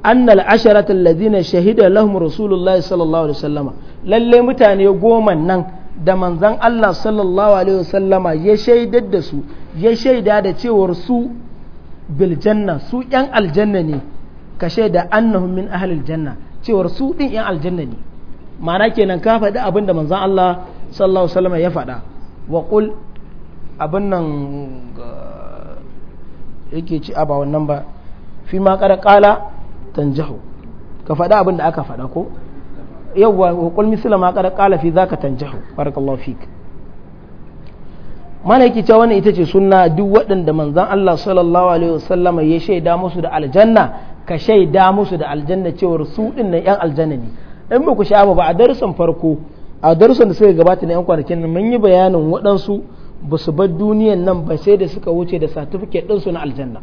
anna al'asharata alladhina shahida lahum rasulullahi sallallahu alaihi wasallama lalle mutane goma nan da manzan Allah sallallahu alaihi wasallama ya shaidar da su ya shaida da cewar su biljanna su yan aljanna ne ka shaida annahum min ahlil janna cewar su din yan aljanna ne ma'ana kenan ka faɗi abin da manzan Allah sallallahu alaihi wasallama ya faɗa wa qul abin nan yake ci a ba wannan ba fi ma kada kala tanjahu ka faɗa abin da aka faɗa ko yawwa wa misila misla ma kada kala fi zaka tanjahu barakallahu fik mana yake cewa wannan ita ce sunna duk waɗanda manzon Allah sallallahu alaihi wasallama ya shaida musu da aljanna ka shaida musu da aljanna cewar su din nan yan aljanna ne in ba ku sha ba a darussan farko a darussan da suka gabata na yan kwanakin nan mun yi bayanin waɗansu ba su bar duniyan nan ba sai da suka wuce da satifiket ɗinsu na aljanna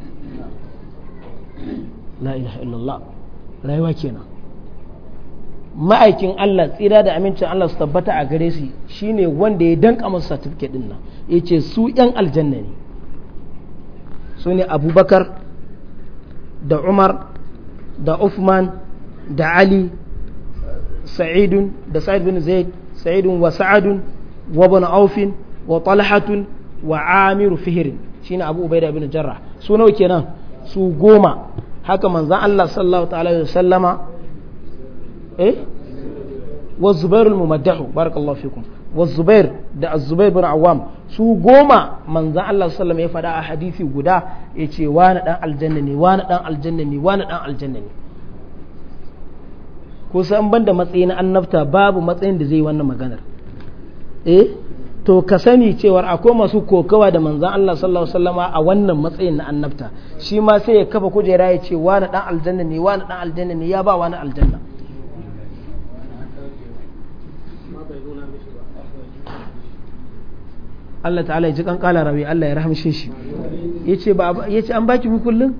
la ilaha illallah rayuwa kenan ma'aikin Allah tsira da amincin Allah su tabbata a gare shi shine wanda ya danka masu satifiket ɗin nan ya ce su yan aljanna ne su ne abubakar da umar da uthman da ali sa'idun da sa'id bin zaid sa'idun wa sa'adun wa bin aufin wa talhatun wa amiru fihirin shine abu ubaida ibn jarrah su nawa kenan su goma haka manzon Allah sallallahu ta'ala alaihi wasallama eh wa zubair al mumaddahu barakallahu fikum wa zubair da az-zubair ibn awam su goma manzon Allah ya faɗa a hadisi guda yace wani dan aljanna ne wani dan aljanna wani dan aljanna ne ko matsayin annabta babu matsayin da zai wannan maganar eh to ka sani cewar akwai masu kokawa da manzan Allah sallallahu alaihi wasallama a wannan matsayin na annabta shi ma sai ya kafa kujera ya ce wani dan aljanna ne wani dan aljanna ne ya ba wani aljanna Allah ta'ala ya ji kan kala Allah ya rahamshe shi yace ba yace an baki mu kullun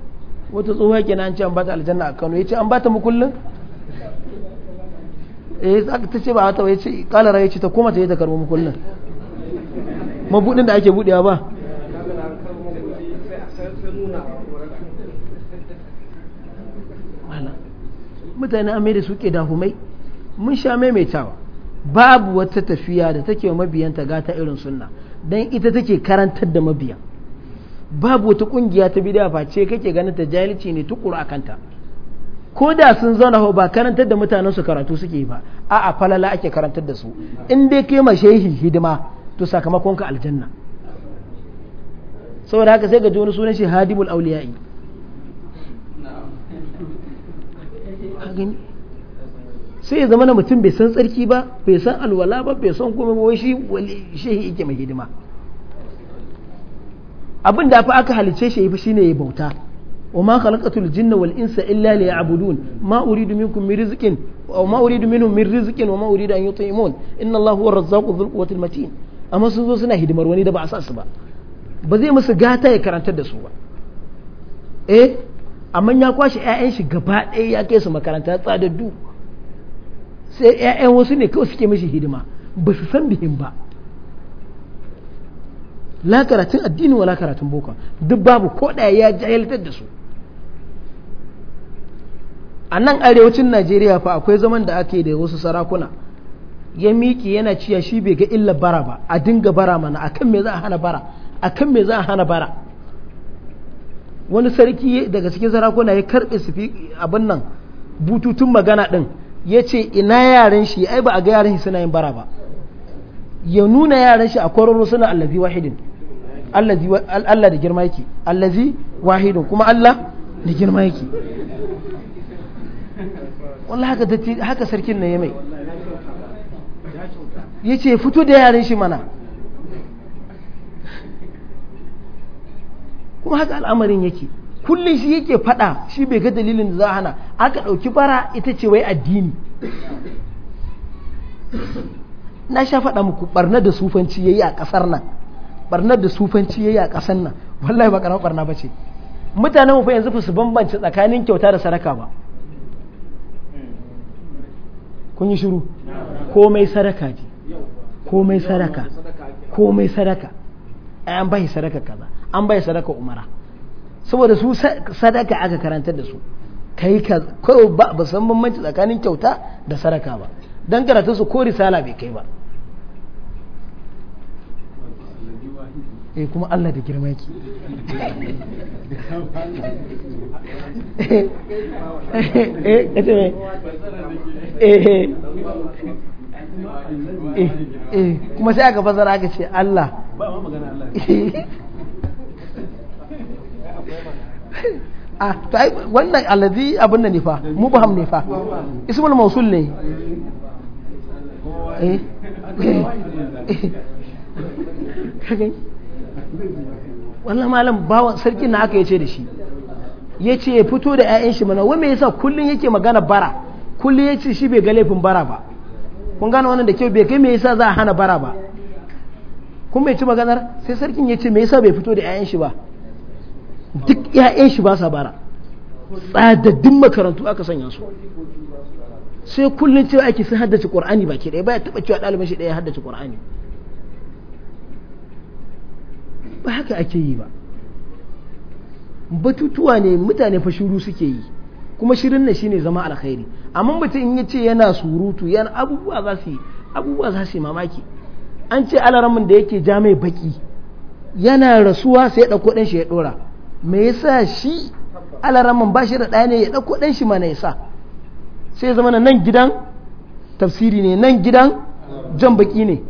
wata tsohuwa kenan an ce an bata aljanna a Kano yace an bata mu kullun eh ta ce ba wata yace kala rabi ce ta koma ta yi ta karbo mu kullun mabudin da ake budewa ba mutane a da suke dahumai mun sha maimaitawa babu wata tafiya da take wa mabiyanta gata irin sunna don ita take karantar da mabiya babu wata kungiya ta bidiya face kake ganin ta jahilci ne tukuru a kanta ko da sun zauna ba karantar da mutanen su karatu suke ba a'a falala ake karantar da su in dai kai ma shehi hidima to sakamakon ka aljanna saboda haka sai ga wani sunan shi hadibul auliya'i sai ya zama na mutum bai san tsarki ba bai san alwala ba bai san kuma ba shi wani shehi yake mai hidima abin da fa aka halice shi fa shine ya bauta wa ma khalaqatul jinna wal insa illa liya'budun ma uridu minkum min rizqin wa ma uridu minhum min rizqin wa ma uridu an yut'imun inna allaha huwa ar amma sun zo suna hidimar wani da ba a sa su ba ba zai musu gata ya karantar da su ba eh amma ya kwashe 'ya'yan shi gaba ɗaya ya kai su makaranta tsadaddu sai 'ya'yan wasu ne kawai suke mishi hidima ba su san bihin ba la karatun addini wala karatun boko duk babu ko ɗaya ya jahiltar da su a nan arewacin najeriya fa akwai zaman da ake da wasu sarakuna ya miki yana ciya shi bai ga illa bara ba a dinga bara mana a me za a hana bara kan me za a hana bara wani sarki daga cikin sarakuna ya karbe su abin nan bututun magana din ya ce ina yaran shi ai ba a ga yaran shi suna yin bara ba ya nuna yaran shi a kwararo suna allazi wahidin Allah da girma yake allazi wahidin kuma Allah da girma yake wallahi haka sarkin na ya mai ya ce fito da yaren shi mana kuma haka al'amarin yake kullum shi yake fada shi bai ga dalilin da za hana aka ɗauki bara ita ce wai addini na sha faɗa muku barna da sufanci yayi a ƙasar nan barna da sufanci yayi a ƙasar nan wallahi ba karamar barna bace mutanen mu fa yanzu su bambance tsakanin kyauta da sadaka ba kun yi shiru komai sadaka ne komai sadaka komai sadaka an bai sadaka kaza an bai sadaka umara saboda su sadaka aka karantar da su kai ka kawai ba ba san bambanci tsakanin kyauta da sadaka ba dan karatu su ko risala bai kai ba eh kuma Allah da girma eh eh eh eh, eh, eh, eh. Eh, eh kuma sai aka fasara aka ce Allah ba ma magana Allah a ah, to ai wannan alladhi abun nan ne fa ba ne fa ismul mawsul ne eh, eh. wannan malam bawa sarki na aka yace da shi yace ya fito da 'ya'yan shi mana wai me yasa kullun yake magana bara kullun yace shi bai ga laifin bara ba kun gane wannan da kyau bai kai me yasa za a hana bara ba kun bai ci maganar sai sarkin ya ce me yasa bai fito da 'ya'yan shi ba duk 'ya'yan shi ba sa bara tsadaddin makarantu aka sanya su sai kullum cewa ake sun haddace qur'ani baki ɗaya baya taɓa cewa ɗalibin shi ɗaya ya haddace qur'ani ba haka ake yi ba batutuwa ne mutane fa shiru suke yi kuma shirin nan shine zama alkhairi amma mutum in yace yana surutu yana abubuwa za su yi abubuwa za su mamaki an ce alaramin da yake ja mai baki yana rasuwa sai ya dauko dan shi ya ɗora me yasa shi alaramin ba shi da ɗaya ne ya ɗauko dan shi mana yasa sai zama nan gidan tafsiri ne nan gidan jan baki ne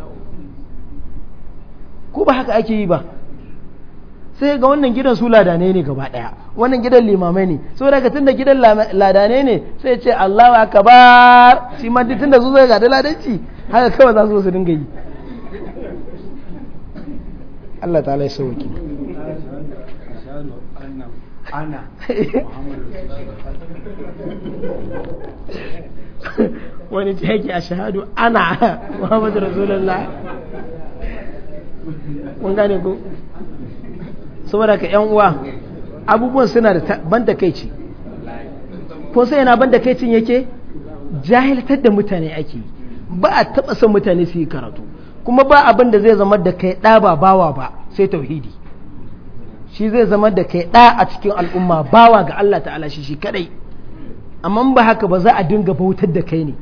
ko ba haka ake yi ba sai ga wannan gidan su ladane ne gaba daya wannan gidan limamai ne saboda ka tunda gidan ladane ne sai ce allah wa kabar shi ma tunda su zai ga da ladanci haka kawai za su su dinga yi Allah ta ya sauki wani ce yake a shahadu ana muhammadu rasulullah kun gane ku saboda ka yan uwa abubuwan suna da ban da kai ce ko sai yana ban da kai cin yake jahiltar da mutane ake yi ba a taɓa son mutane su yi karatu kuma ba abin da zai zama da kai ɗa ba bawa ba sai tauhidi shi zai zama da kai ɗa a cikin al'umma bawa ga Allah ta'ala shi shi kadai amma ba haka ba za a dinga bautar da kai ne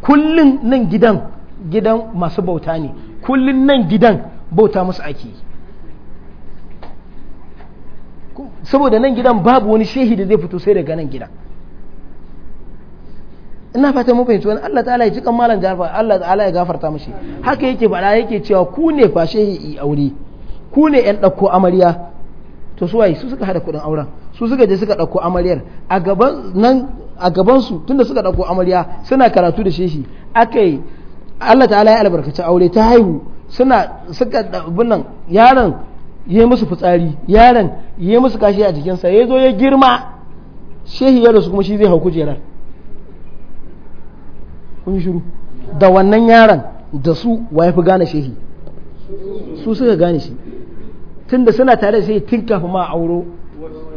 kullun nan gidan masu bauta ne kullun nan gidan bauta musu ake yi saboda nan gidan babu wani shehi da zai fito sai daga nan gidan ina fata mun fahimci wani Allah ta'ala ya ji malam jarfa Allah ta'ala ya gafarta mishi haka yake fada yake cewa ku ne fa shehi i aure ku ne yan ɗauko amarya to su waye su suka hada kuɗin auren su suka je suka ɗauko amaryar a gaban nan a gaban su tunda suka ɗauko amarya suna karatu da shehi akai Allah ta'ala ya albarkaci aure ta haihu suna suka binnan nan yaron ya musu fitsari yaron ya musu kashi a jikinsa ya zo ya girma shehi ya rasu kuma shi zai hau kujerar kun shiru da wannan yaron da su wa ya fi gane shehi su suka gane shi tunda suna tare da shi tun kafin ma auro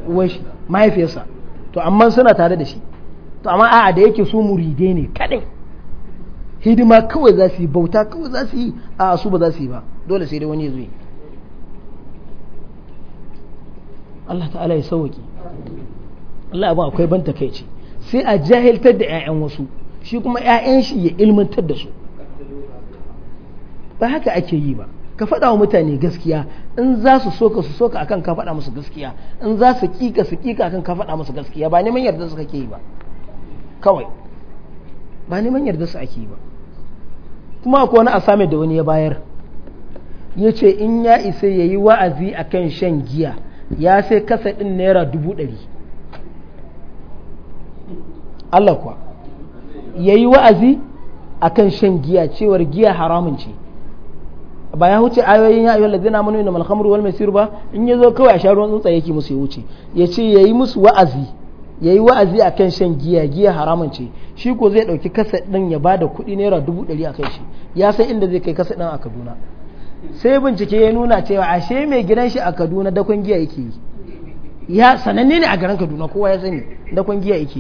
washi mahaifiyarsa to amma suna tare da shi to amma a'a da yake su muride ne kadai hidima kawai za su yi bauta kawai za su yi a su ba za su yi ba dole sai dai wani ya zo yi Allah ta'ala ya sauki Allah abu akwai ban ce sai a jahiltar da 'ya'yan wasu shi kuma 'ya'yan shi ya ilmantar da su ba haka ake yi ba ka faɗa wa mutane gaskiya in za su soka su soka akan ka faɗa musu gaskiya in za su kika su kika akan ka faɗa musu gaskiya ba neman yarda su kake yi ba kawai ba neman yarda su ake yi ba kuma akwai wani asame da wani ya bayar ya ce in ya isa ya yi wa'azi akan shan giya ya sai kasa ɗin naira dubu ɗari Allah kuwa ya yi wa'azi a kan shan giya cewar giya haramun ce ba ya huce ayoyin ya ayyuhal ladina manu innamal khamru wal mai ba in zo kawai a sha ruwan tsuntsaye yake musu ya wuce ya ce ya yi musu wa'azi yayi wa'azi akan shan giya giya haramun ce shi ko zai ɗauki kasa ɗin ya ba da kuɗi naira dubu ɗari a kai shi ya san inda zai kai kasa ɗin a Kaduna sai bincike ya nuna cewa ashe mai gidan shi a kaduna dakon giya yake yi ya sananne ne a garin kaduna kowa ya sani dakon giya yake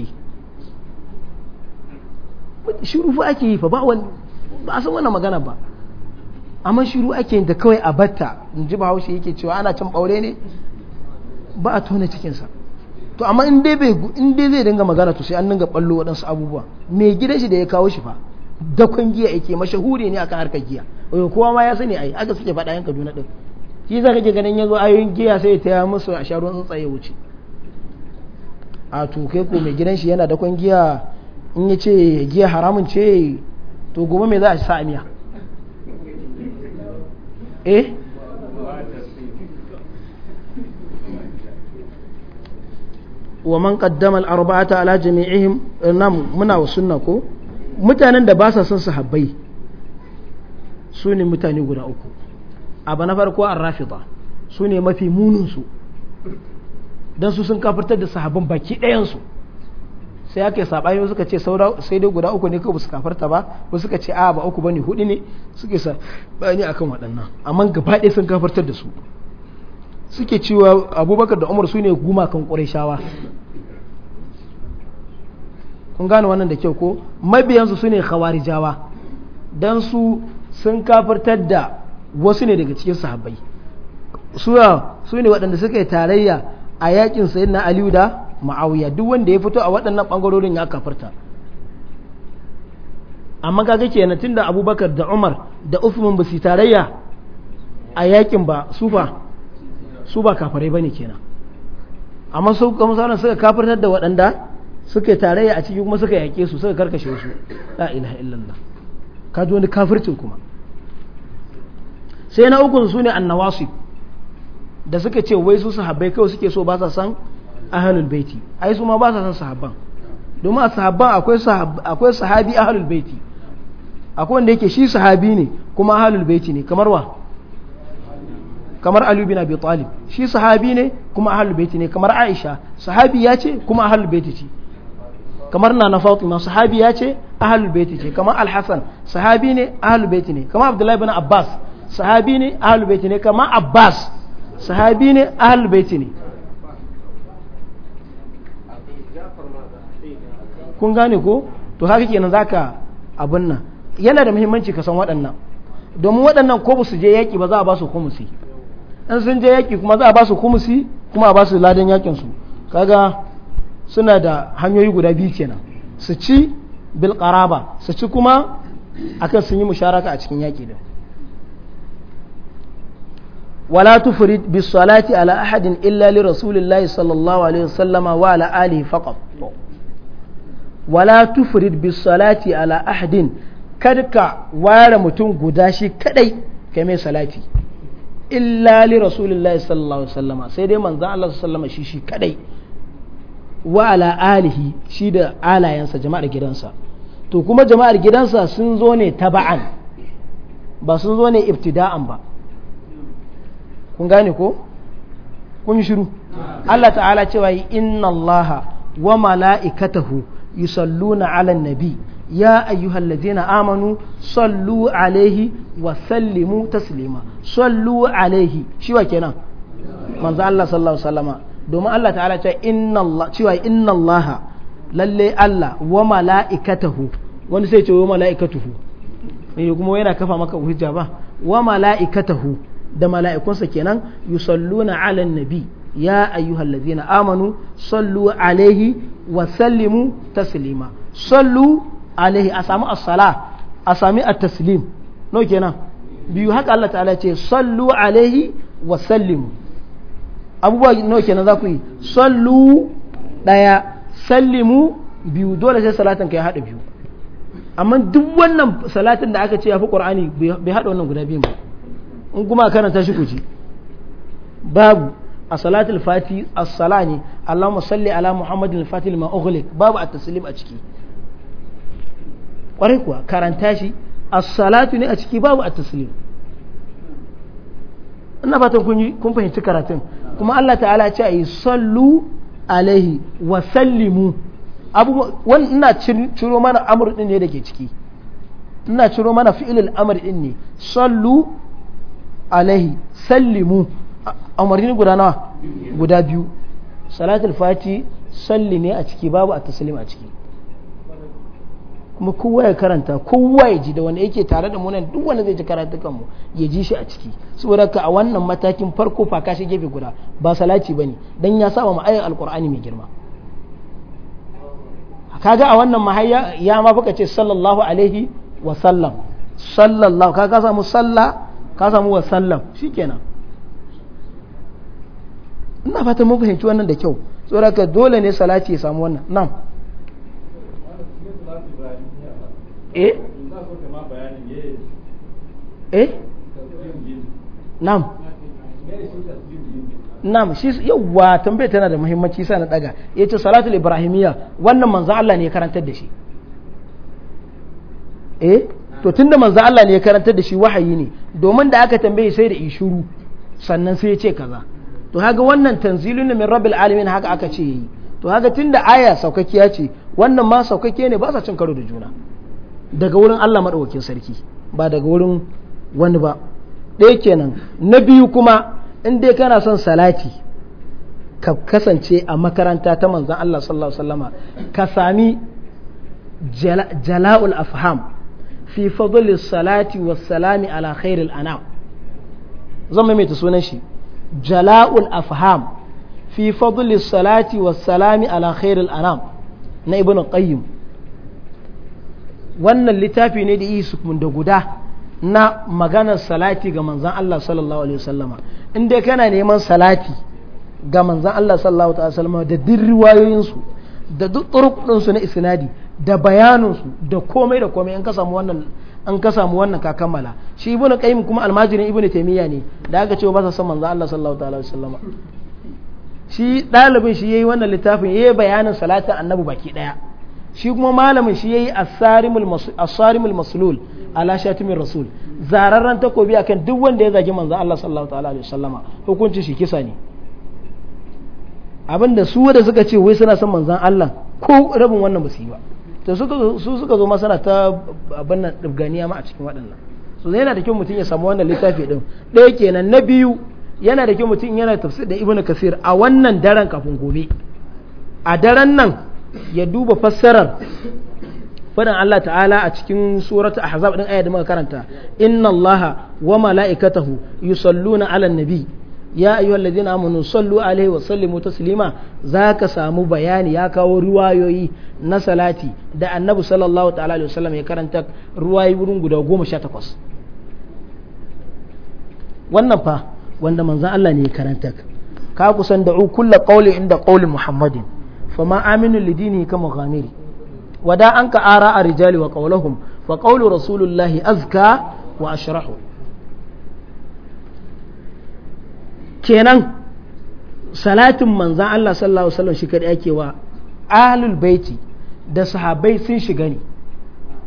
yi shiru fa ake yi fa ba wani ba san wannan magana ba amma shiru ake yin da kawai a batta in ji bahaushe yake cewa ana cin ɓaure ne ba a tona cikinsa to amma in dai bai in dai zai dinga magana to sai an dinga ballo waɗansu abubuwa mai gidan shi da ya kawo shi fa dakon giya yake mashahuri ne akan harkar giya Eh, kowa ma ya sani ai aka suke faɗa yanka juna ɗin shi za ka ke ganin yanzu ayoyin giya sai ta ya musu a sharuwan tsuntsaye wuce a to ko mai gidan shi yana da kwan giya in ya ce giya haramun ce to gobe me za a sa miya eh al-arba'ata ala jami'ihim على eh, muna نعم ko. mutanen da ba sa son su habbai. su ne mutane guda uku abu na farko an rafida su ne mafi muninsu don su sun kafartar da sahabin baki ɗayansu sai aka yi saɓani suka ce sai dai guda uku ne kawai su kafarta ba ba suka ce a ba uku ba ne hudu ne suke saɓani akan waɗannan amma gaba ɗaya sun kafartar da su suke cewa abubakar da umar su ne gumakan ƙurashawa kun gane wannan da kyau ko mabiyansu su ne khawarijawa don su sun kafirtar da wasu ne daga cikin sahabbai su ne waɗanda suka yi tarayya a yakin sayin na aliyu da ma'awiya duk wanda ya fito a waɗannan ɓangarorin ya kafarta amma kaga kenan tun da abubakar da umar da usman ba su tarayya a yakin ba su ba su ba kafarai ba ne kenan amma su kuma sauran suka kafartar da waɗanda suka tarayya a ciki kuma suka yaƙe su suka karkashe su la ilaha illallah ka ji wani kafircin kuma sai na ukun su ne annawasi da suka ce wai su sahabbai kawai suke so ba sa san ahlul baiti ai su ma ba sa san sahabban domin a sahabban akwai akwai sahabi ahlul baiti akwai wanda yake shi sahabi ne kuma ahlul baiti ne kamar wa kamar Ali bin Abi Talib shi sahabi ne kuma ahlul baiti ne kamar Aisha sahabi ya ce kuma ahlul baiti ce kamar Nana Fatima sahabi ya ce ahlul baiti ce kamar Al-Hasan sahabi ne ahlul baiti ne kamar Abdullahi bin Abbas sahabi ne ahlul baiti ne kama abbas sahabi ne ahlul baiti ne kun gane ko to haka kenan zaka abin nan yana da muhimmanci ka san waɗannan domin waɗannan ko su je yaƙi ba za a ba su kumusi in sun je yaƙi kuma za a ba su kumusi kuma a ba su ladan yaƙinsu kaga suna da hanyoyi guda biyu kenan su ci bil ba su ci kuma akan sun yi musharaka a cikin yaƙi din wala tufrid bis salati ala ahadin illa li rasulillahi sallallahu alaihi wasallama wa ala alihi faqat wala tufrid salati ala ahadin kadka ware mutum guda shi kadai kai mai salati illa li rasulillahi sallallahu alaihi wasallama sai dai manzo Allah sallama shi kadai wa ala shi da alayansa jama'ar gidansa to kuma jama'ar gidansa sun zo ne taba'an ba sun zo ne ibtida'an ba kun gane ko kun yi shiru Allah ta'ala cewa inna allah wa mala'ikatahu yusalluna ala nabi ya ayyuhallazina amanu sallu alaihi wa sallimu taslima sallu alaihi shi wa kenan manzo Allah sallallahu alaihi wasallama domin Allah ta'ala cewa inna Allah cewa inna Allah lalle Allah wa mala'ikatahu wani sai ce wa mala'ikatuhu eh kuma yana kafa maka hujja ba wa mala'ikatahu da mala'ikunsa kenan na alan nabi ya na amanu sallu alaihi wa sallimu taslima sallu alaihi a sami as a sami a taslim no kenan biyu haka Allah ta'ala ce sallu alaihi wa sallimu abubuwa no kenan za ku yi sallu daya sallimu biyu dole sai salatin ka ya hada biyu amma duk wannan salatin da aka ce ya fi qur'ani bai hada wannan guda biyu ba in kuma karanta shi ku babu a salatul fati as-sala ne Allahumma salli ala Muhammadin al-fatil ma ughliq babu at-taslim a ciki kwarai kuwa karanta shi as-salatu ne a ciki babu at-taslim ina fatan kun kun fahimci karatun kuma Allah ta'ala ya ce ayi sallu alaihi wa sallimu abu wannan ina ciro mana amr din ne dake ciki ina ciro mana fi'il al-amr din ne sallu alaihi sallimu umarni guda nawa guda biyu salatul fati salli ne a ciki babu a taslim a ciki kuma kowa ya karanta kowa ya ji da wanda yake tare da munan duk wanda zai ji karatukan mu ya ji shi a ciki saboda ka a wannan matakin farko fa kashi gefe guda ba salati bane dan ya saba mu ayin alqur'ani mai girma kaga a wannan mahayya ya ma baka ce sallallahu alaihi wa sallam sallallahu kaga samu sallah ka samu wa sallam kenan ina fata mun fahimci wannan da kyau tsoraka dole ne salati ya samu wannan nan eh eh nam nam shi yawa tambayar tana da muhimmanci sai na daga yace salatul ibrahimiyya wannan manzo Allah ne ya karantar da shi eh to tunda manzo Allah ne ya karanta da shi wahayi ne domin da aka tambaye sai da ishuru sannan sai ya ce kaza to haka wannan tanzilun min rabbil alamin haka aka ce yi to haka tunda aya saukakkiya ce wannan ma saukakke ne ba sa cin karo da juna daga wurin Allah madaukakin sarki ba daga wurin wani ba ɗaya kenan na biyu kuma in dai kana son salati ka kasance a makaranta ta manzon Allah sallallahu alaihi wasallama ka sami jala'ul afham fi fadli salati wa salami ala khairil anam zan maimaita sunan shi jala'ul afham fi fadli salati wa salami ala khairil anam na ibnu qayyim wannan littafi ne da isu da guda na maganar salati ga manzan Allah sallallahu alaihi wasallama in dai kana neman salati ga manzan Allah sallallahu alaihi wasallama da duk riwayoyinsu da duk turkudinsu na isnadi da bayaninsu da komai da komai an ka samu wannan an ka samu wannan ka kammala shi ibnu qayyim kuma almajirin ibnu taymiya ne da aka ce ba sa san manzo Allah sallallahu ta'ala alaihi wasallama shi dalibin shi yayi wannan littafin yayi bayanin salatin annabi baki daya shi kuma malamin shi yayi as-sarimul as-sarimul maslul ala shatimir rasul zararran takobi akan duk wanda ya zagi manzo Allah sallallahu ta'ala alaihi wasallama hukunci shi kisa ne abinda su da suka ce wai suna son manzon Allah ko rabin wannan musiba to su suka zo masana ta abin nan dubganiya ma a cikin waɗannan so yana da kyau mutum ya samu wannan littafi din ɗaya kenan na biyu yana da kyau mutum yana tafsir da ibnu kasir a wannan daren kafin gobe a daren nan ya duba fassarar faɗin Allah ta'ala a cikin surata ahzab din aya da muka karanta inna allaha wa mala'ikatahu yusalluna 'alan nabi ya ayu alladhina amanu sallu alaihi wa sallimu taslima zaka samu bayani ya kawo riwayoyi na salati da annabi sallallahu ta'ala alaihi wasallam ya karanta ruwayi wurin guda 18 wannan fa wanda manzon Allah ne ya karanta ka kusan da'u kulla qawli inda qawli muhammadin fama aminu lidini kama ghamiri wada anka ara a rijali wa qawlahum fa qawlu rasulillahi azka wa kenan salatin manzan Allah sallallahu alaihi wasallam shi kadai ake wa ahlul baiti da sahabbai sun shiga ne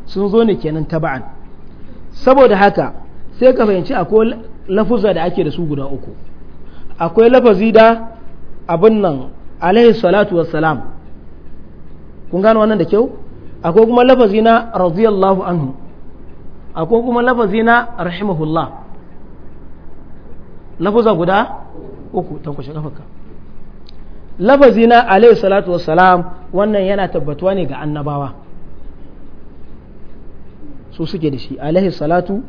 sun zo ne kenan taba'an saboda haka sai ka fahimci akwai lafuzza da ake da su guda uku akwai lafazi da abin nan alaihi salatu wassalam kun gano wannan da kyau akwai kuma lafazi na radiyallahu anhu akwai kuma lafazi na rahimahullah lafuza guda uku tankwashe kafarka lafazi na alaihi salatu wassalam wannan yana tabbatuwa ne ga annabawa su suke da shi alaihi salatu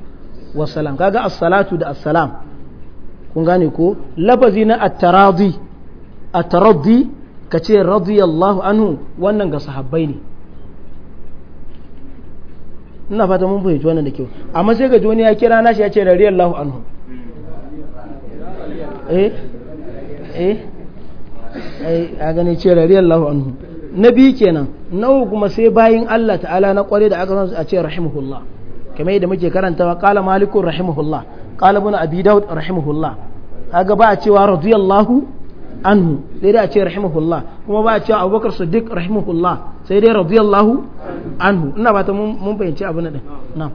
wassalam kaga as-salatu da as-salam kun gane ko lafazi na at-taradi at-taradi kace radiyallahu anhu wannan ga sahabbai ne ina fata mun fahimci wannan da kyau amma sai ga joni ya kira nashi ya ce radiyallahu anhu Eh? Eh? a gane ce radiyallahu anhu na biyu kenan na uku kuma sai bayin Allah ta'ala na kware da aka san a ce rahimahullah kamar yadda muke wa kala malikun rahimahullah kala ibn abi daud rahimahullah kaga ba a cewa radiyallahu anhu sai dai a ce rahimahullah kuma ba a cewa abubakar siddiq rahimahullah sai dai radiyallahu anhu ina ba ta mun fahimci na nan na'am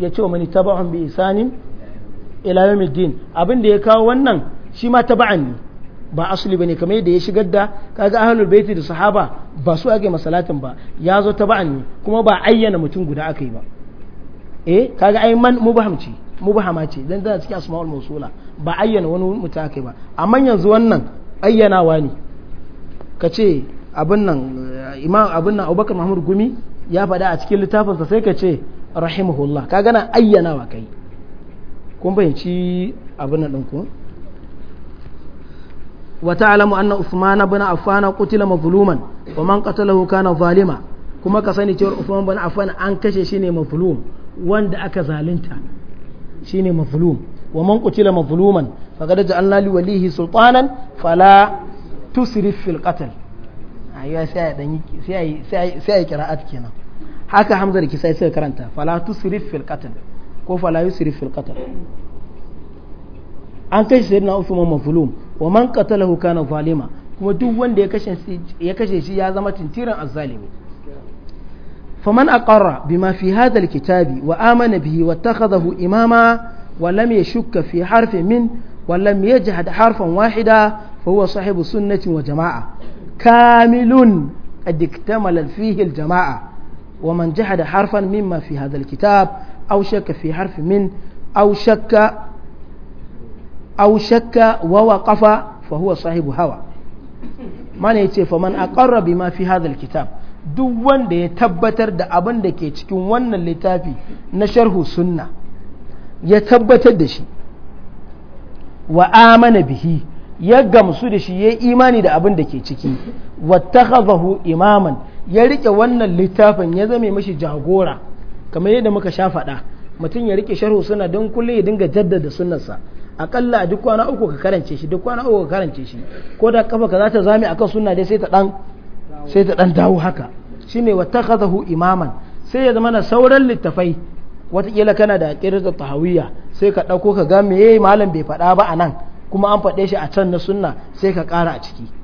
ya ce wa mani taba'un bi isanin ilayen middin abin da ya kawo wannan shi ma taba'an ne ba asali bane kamar yadda ya shigar da kaga ahalul baiti da sahaba ba su ake masalatin ba ya zo taba'an ne kuma ba ayyana mutum guda aka yi ba eh kaga ai man mu bahama ce dan tana cikin asma'ul mausula ba ayyana wani mutum aka yi ba amma yanzu wannan ayyanawa ne ka ce abin nan eh, imam abin nan Abubakar Mahmud Gumi ya faɗa a cikin littafinsa sai ka ce rahimahullah ka gana ayyana wa kai kun bayanci abin nan ɗinku wa anna usman ibn affan qutila mazluman wa kuma ka sani usman ibn an kashe shi wanda aka zalunta shi ne mazlum wa man qutila mazluman walihi sultanan fala tusrif fil qatl kenan haka hamza da kisa sai karanta fala tusrif fil qatl ko fala yusrif fil qatl an kashe sayyidina usman mafulum wa man qatalahu kana zalima kuma duk wanda ya kashe ya kashe shi ya zama tintiran azzalimi faman aqarra bima fi hadha alkitabi wa amana bihi takhadahu imama wa lam yashukka fi harfin min wa lam yajhad harfan wahida fa huwa sahibu sunnati wa jama'a kamilun qad iktamala fihi aljama'a ومن جحد حرفا مما في هذا الكتاب أو شك في حرف من أو شك أو شك ووقف فهو صاحب هوى ما نيتي فمن أقر بما في هذا الكتاب duk wanda ya tabbatar da abin da ke cikin wannan littafi na sharhu sunna ya tabbatar da shi wa amana bihi ya gamsu da shi ya imani da abin da ke ciki hu imaman ya rike wannan littafin ya zame mashi jagora kamar yadda muka sha faɗa mutum ya rike sharhu suna don kullum ya dinga jaddada sunansa akalla a duk kwana uku ka karance shi duk kwana uku ka karance shi ko da kafa ka za ta zame akan sunna dai sai ta dan sai ta dan dawo haka shine wattakhadahu imaman sai ya zama na sauran littafai watakila kana da da tahawiyya sai ka ɗauko ka ga meye malam bai faɗa ba anan kuma an faɗe shi a can na sunna sai ka ƙara a ciki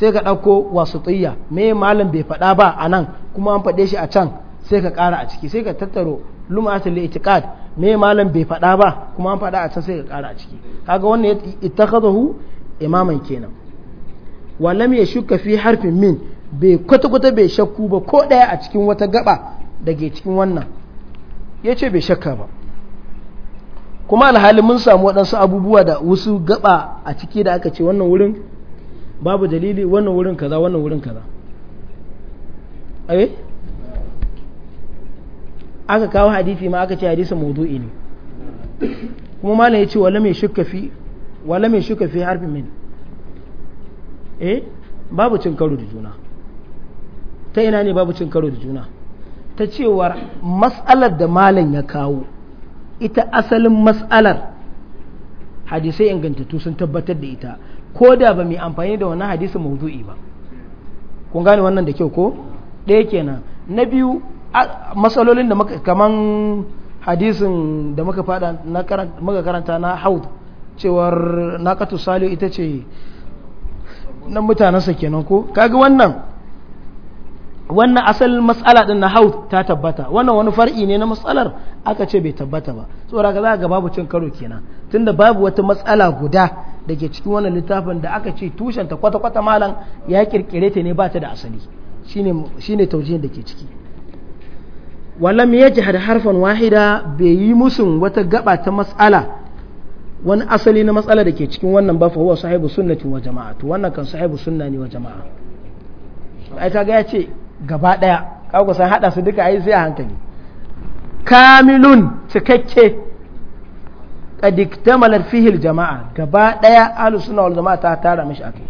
sai ka ɗauko wasu tsayya me malam bai faɗa ba a nan kuma an faɗe shi a can sai ka ƙara a ciki sai ka tattaro lumatul itiqad me malam bai faɗa ba kuma an faɗa a can sai ka ƙara a ciki kaga wannan ittakhadahu imaman kenan ya shuka fi harfin min bai kwata kwata bai shakku ba ko ɗaya a cikin wata gaba dake cikin wannan yace bai shakka ba kuma alhali mun samu waɗansu abubuwa da wasu gaba a ciki da aka ce wannan wurin babu dalili wannan wurin kaza wannan wurin kaza eh aka kawo hadisi ma aka ce hadisi mawdu'i ne kuma malam ya ce wala mai shukka fi wala mai shukka fi harfin min eh babu cin karo da juna ta ina ne babu cin karo da juna ta cewar mas'alar da malam ya kawo ita asalin mas'alar hadisai ingantattu sun tabbatar da ita ko da ba mu yi amfani da wannan hadisi mawdu'i ba kun gane wannan da kyau ko ɗaya kenan na biyu matsalolin da muka kaman hadisin da muka fada na muka karanta na haud cewar na katu salo ita ce na mutanensa kenan ko kaga wannan wannan asalin matsala din na haud ta tabbata wannan wani far'i ne na matsalar aka ce bai tabbata ba saboda ka za ga babu cin karo kenan tunda babu wata matsala guda da ke cikin wannan littafin da aka ce tushen ta kwata-kwata malam ya kirkire ta ne ba ta da asali shine taujihin da ke ciki wallam ya ji harfan wahida bai yi musun wata gaba ta matsala wani asali na matsala da ke cikin wannan ba fa huwa sahibu sunnati wa jama'a to wannan kan sahibu sunna ne wa jama'a ai kaga ya ce gaba daya kawai san hada su duka ai sai a hankali kamilun cikakke qad iktamalat fihi aljamaa gaba daya ahlus sunna wal jamaa ta tara mishi akai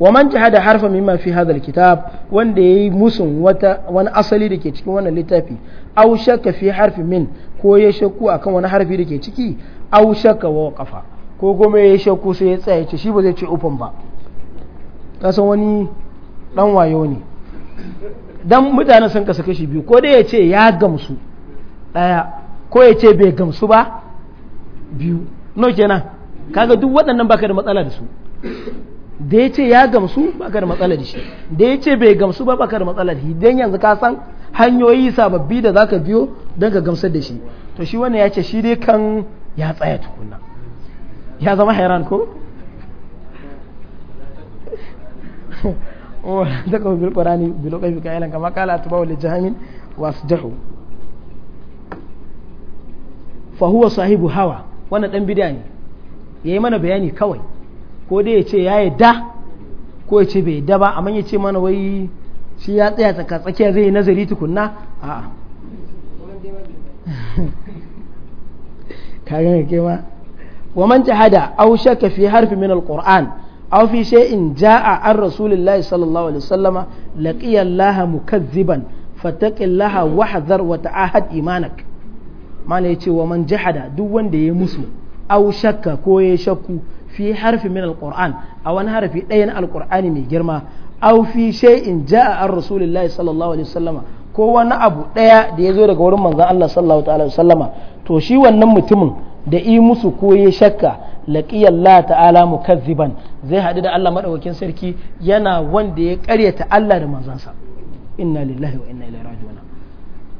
wa man jahada harfa mimma fi hadha alkitab wanda yayi musun wata wani asali ke cikin wannan littafi aw shakka fi harfi min ko ya shakku akan wani harfi da ke ciki aw shakka wa qafa ko gome ya shakku sai ya tsaya ce shi ba zai ce ufan ba kasan wani dan wayo dan mutanen sun kasa kashi biyu ko dai ya ce ya gamsu daya ko ya bai gamsu ba biyu no kenan kaga duk waɗannan baka da matsala da su da ya ce ya gamsu baka da matsala da shi da ya ce bai gamsu ba baka da matsala da shi don yanzu ka san hanyoyi sababbi da zaka biyo don ka gamsar da shi to shi wannan ya ce shi dai kan ya tsaya tukuna ya zama hairan ko ذكروا بالقرآن بلغة كائلا كما قال أتباع لجهم وأصدحوا فهو sahibu hawa. wannan dan bid'a ne yayi mana bayani kawai ko dai ya ce ya da ko ya ce bai da ba amma ya ce mana wai shi ya tsaya tsaka tsakiyar zai yi nazari tukunna a'a wa man jahada aw shakka fi harfi min alquran aw fi shay'in jaa an rasulillahi sallallahu alaihi wasallama laqiya allaha mukazziban fattaqillaha wahdhar wa ta'ahad imanak mana ya ce wa man jahada duk wanda ya musu au shakka ko ya shakku fi harfi min alquran a wani harfi ɗaya na alqur'ani mai girma au fi shay'in ja'a a rasulillahi sallallahu alaihi wasallama ko wani abu ɗaya da ya zo daga wurin manzon Allah sallallahu ta'ala wasallama to shi wannan mutumin da i musu ko ya shakka laqiyallahu ta'ala mukazziban zai haɗu da Allah madaukakin sarki yana wanda ya ƙaryata Allah da manzansa inna lillahi wa inna ilaihi raji'un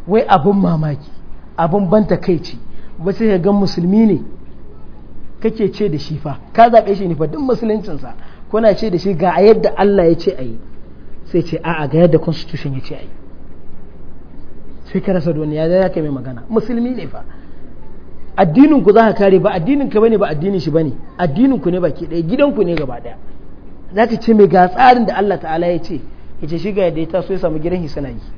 wai abin mamaki abin ban ce ba sai ka ga musulmi ne kake ce da shi fa ka zaɓe shi ne fa duk musuluncinsa kuna ce da shi ga a yadda Allah ya ce a yi sai ce a'a ga yadda constitution ya ce a yi sai ka rasa duniya da ya kai mai magana musulmi ne fa addinin ku za ka kare ba addinin ka bane ba addinin shi bane addinin ku ne baki ɗaya gidan ku ne gaba ɗaya za ka ce mai ga tsarin da Allah ta'ala ya ce ya ce shi ga yadda ya taso ya samu gidan shi yi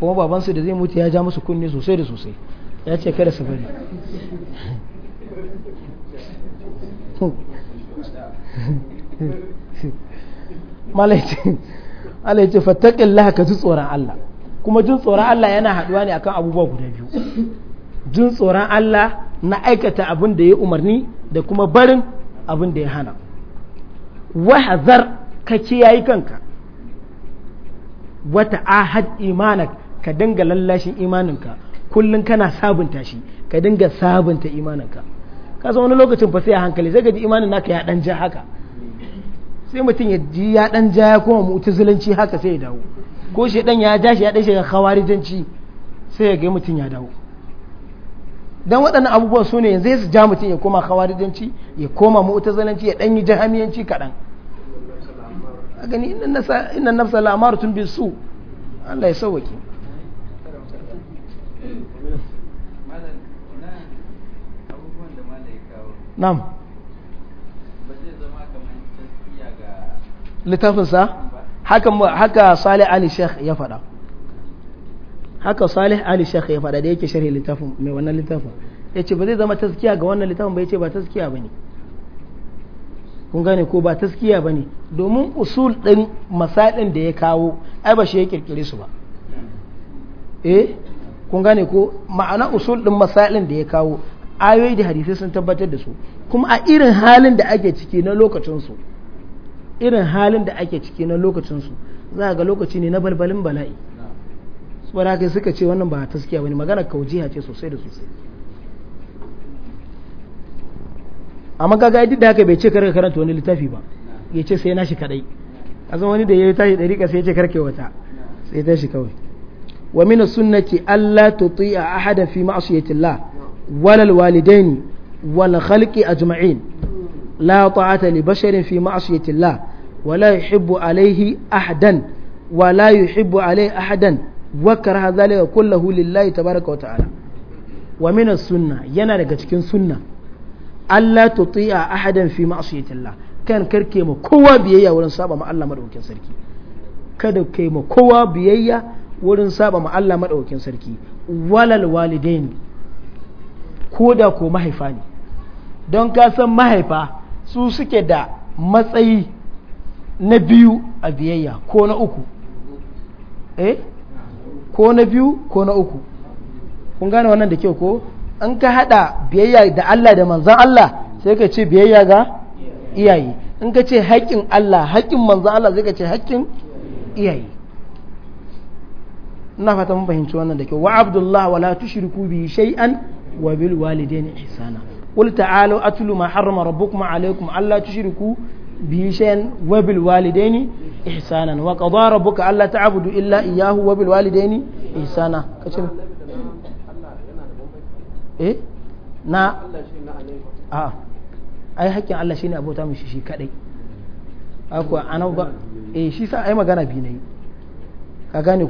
kuma babansu da zai mutu ya ja musu kunne sosai da sosai ya ce kada su bari Allah ya ce ka ji tsoron Allah kuma jin tsoron Allah yana haɗuwa ne akan abubuwa guda biyu jin tsoron Allah na aikata abin da ya umarni da kuma barin abin da ya hana wahazar ka yayi kanka wata ahad imanak ka dinga lallashin imaninka kullum kana sabunta shi ka dinga sabunta imaninka ka san wani lokacin fa sai a hankali sai ka ji imanin naka ya dan ja haka sai mutum ya ji ya dan ja ya koma mu'tazilanci haka sai ya dawo ko shi dan ya ja shi ya dan shiga khawarijanci sai ya ga mutum ya dawo dan waɗannan abubuwan su ne yanzu su ja mutum ya koma khawarijanci ya koma mu'tazilanci ya dan yi jahamiyanci kaɗan a gani inna nafsa la'amartun bisu Allah ya sauwake Nam. littafinsa haka haka salih ali sheikh ya faɗa haka salih ali sheikh ya faɗa da yake sharhi littafin mai wannan littafin ya ce ba zai zama taskiya ga wannan littafin ba ya ce ba taskiya ba ne kun gane ko ba taskiya ba ne domin usul ɗin masaɗin da ya kawo ai ba shi ya ƙirƙiri su ba eh kun gane ko ma'ana usul ɗin masaɗin da ya kawo ayoyi da hadisai sun tabbatar da su kuma a irin halin da ake ciki na lokacin su irin halin da ake ciki na lokacin su za ga lokaci ne na balbalin bala'i saboda haka suka ce wannan ba taskiya bane magana kaujiha ce sosai da sosai amma kaga duk da haka bai ce karka karanta wani littafi ba ya ce sai na shi kadai azan wani da ya tashi dariƙa sai ya ce karke wata sai ta shi kawai wa min sunnati alla tuti'a ahadan fi ma'siyatillah ولا الوالدين والخلق أجمعين لا طاعة لبشر في معصية الله ولا يحب عليه أحدا ولا يحب عليه أحدا وكره ذلك كله لله تبارك وتعالى ومن السنة ينالك تكن سنة ألا تطيع أحدا في معصية الله كان كركي كوا بيئة ولن سابا ما الله مدعوكين سركي kada kai ma kowa biyayya wurin saba ma Allah maɗaukin sarki walal walidaini ko da ko mahaifa ne don ka san mahaifa su suke da matsayi na biyu a biyayya ko na uku eh ko na biyu ko na uku kun gane wannan da kyau ko an ka hada biyayya da Allah da manzan Allah sai ka ce biyayya ga iyaye in ka ce haƙƙin Allah haƙƙin manzan Allah sai ka ce haƙƙin iyaye ina fata mun fahimci wannan da kyau wa Abdullahi wala tushriku bi shay'an wabil walidain ihsana qul ta'alu atlu ma harrama rabbukum alaykum alla tushriku bihi shay'an wabil walidain ihsana wa qadara rabbuka na ah ai hakkin Allah shine abota mishi shi kadai ako anauba eh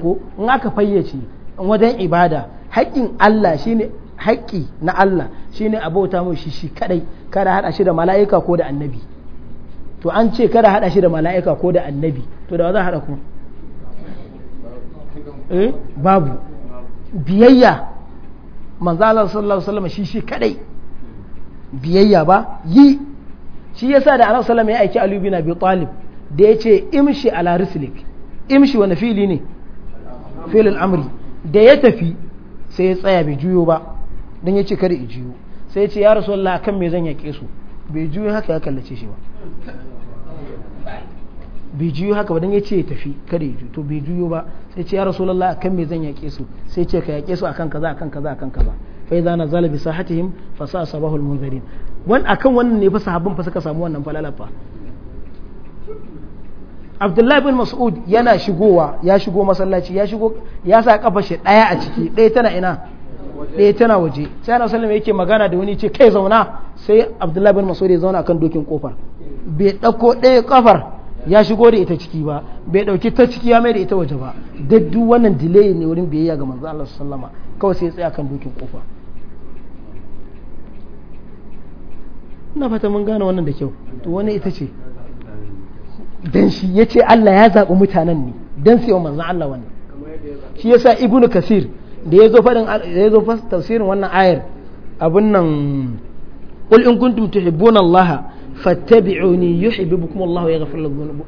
ko in aka fayyace wajen ibada haƙƙin Allah shine haƙƙi na Allah shi ne abota mu shi shi kadai kada hada shi da mala'ika ko da annabi to an ce kada hada shi da mala'ika ko da annabi to da za hada ku eh? babu biyayya manzalar sallallahu alaihi shi shi kadai biyayya ba yi shi yasa da Allah sallallahu alaihi ya aiki alubi na Abi Talib da ce imshi ala rislik imshi wani fili ne filin amri da ya tafi sai ya tsaya bai juyo ba dan yace kada i jiyo sai yace ya rasulullah kan me zan yake su bai jiyo haka ya kallace shi ba bai jiyo haka ba dan yace ya tafi kada i jiyo to bai jiyo ba sai ce ya rasulullah kan me zan yake su sai ce ka yake su akan kaza akan kaza akan kaza fa idza nazala bi sahatihim fa sa sabahu al munzirin wan akan wannan ne fa sahabban fa suka samu wannan falala fa abdullahi bin mas'ud yana shigowa ya shigo masallaci ya shigo ya sa kafa shi daya a ciki daya tana ina da eh, ya tana waje sai ana sallama yake magana da wani ce kai zauna sai abdullahi bin masudi ya zauna akan dokin kofar bai ɗauko ɗaya kafar ya shigo da ita ciki ba bai ɗauki ta ciki ya mai da ita waje ba duk duk wannan delay ne wurin biyayya ga manzo Allah sallama kawai sai ya tsaya kan dokin kofa na fata mun gane wannan da kyau to wani ita ce dan shi yace Allah ya zabi mutanen ne dan sai manzo Allah wannan shi yasa ibnu kasir da ya zo faɗin da ya zo tafsirin wannan ayar abin nan qul in kuntum tuhibbuna allaha fattabi'uni yuhibbukum allah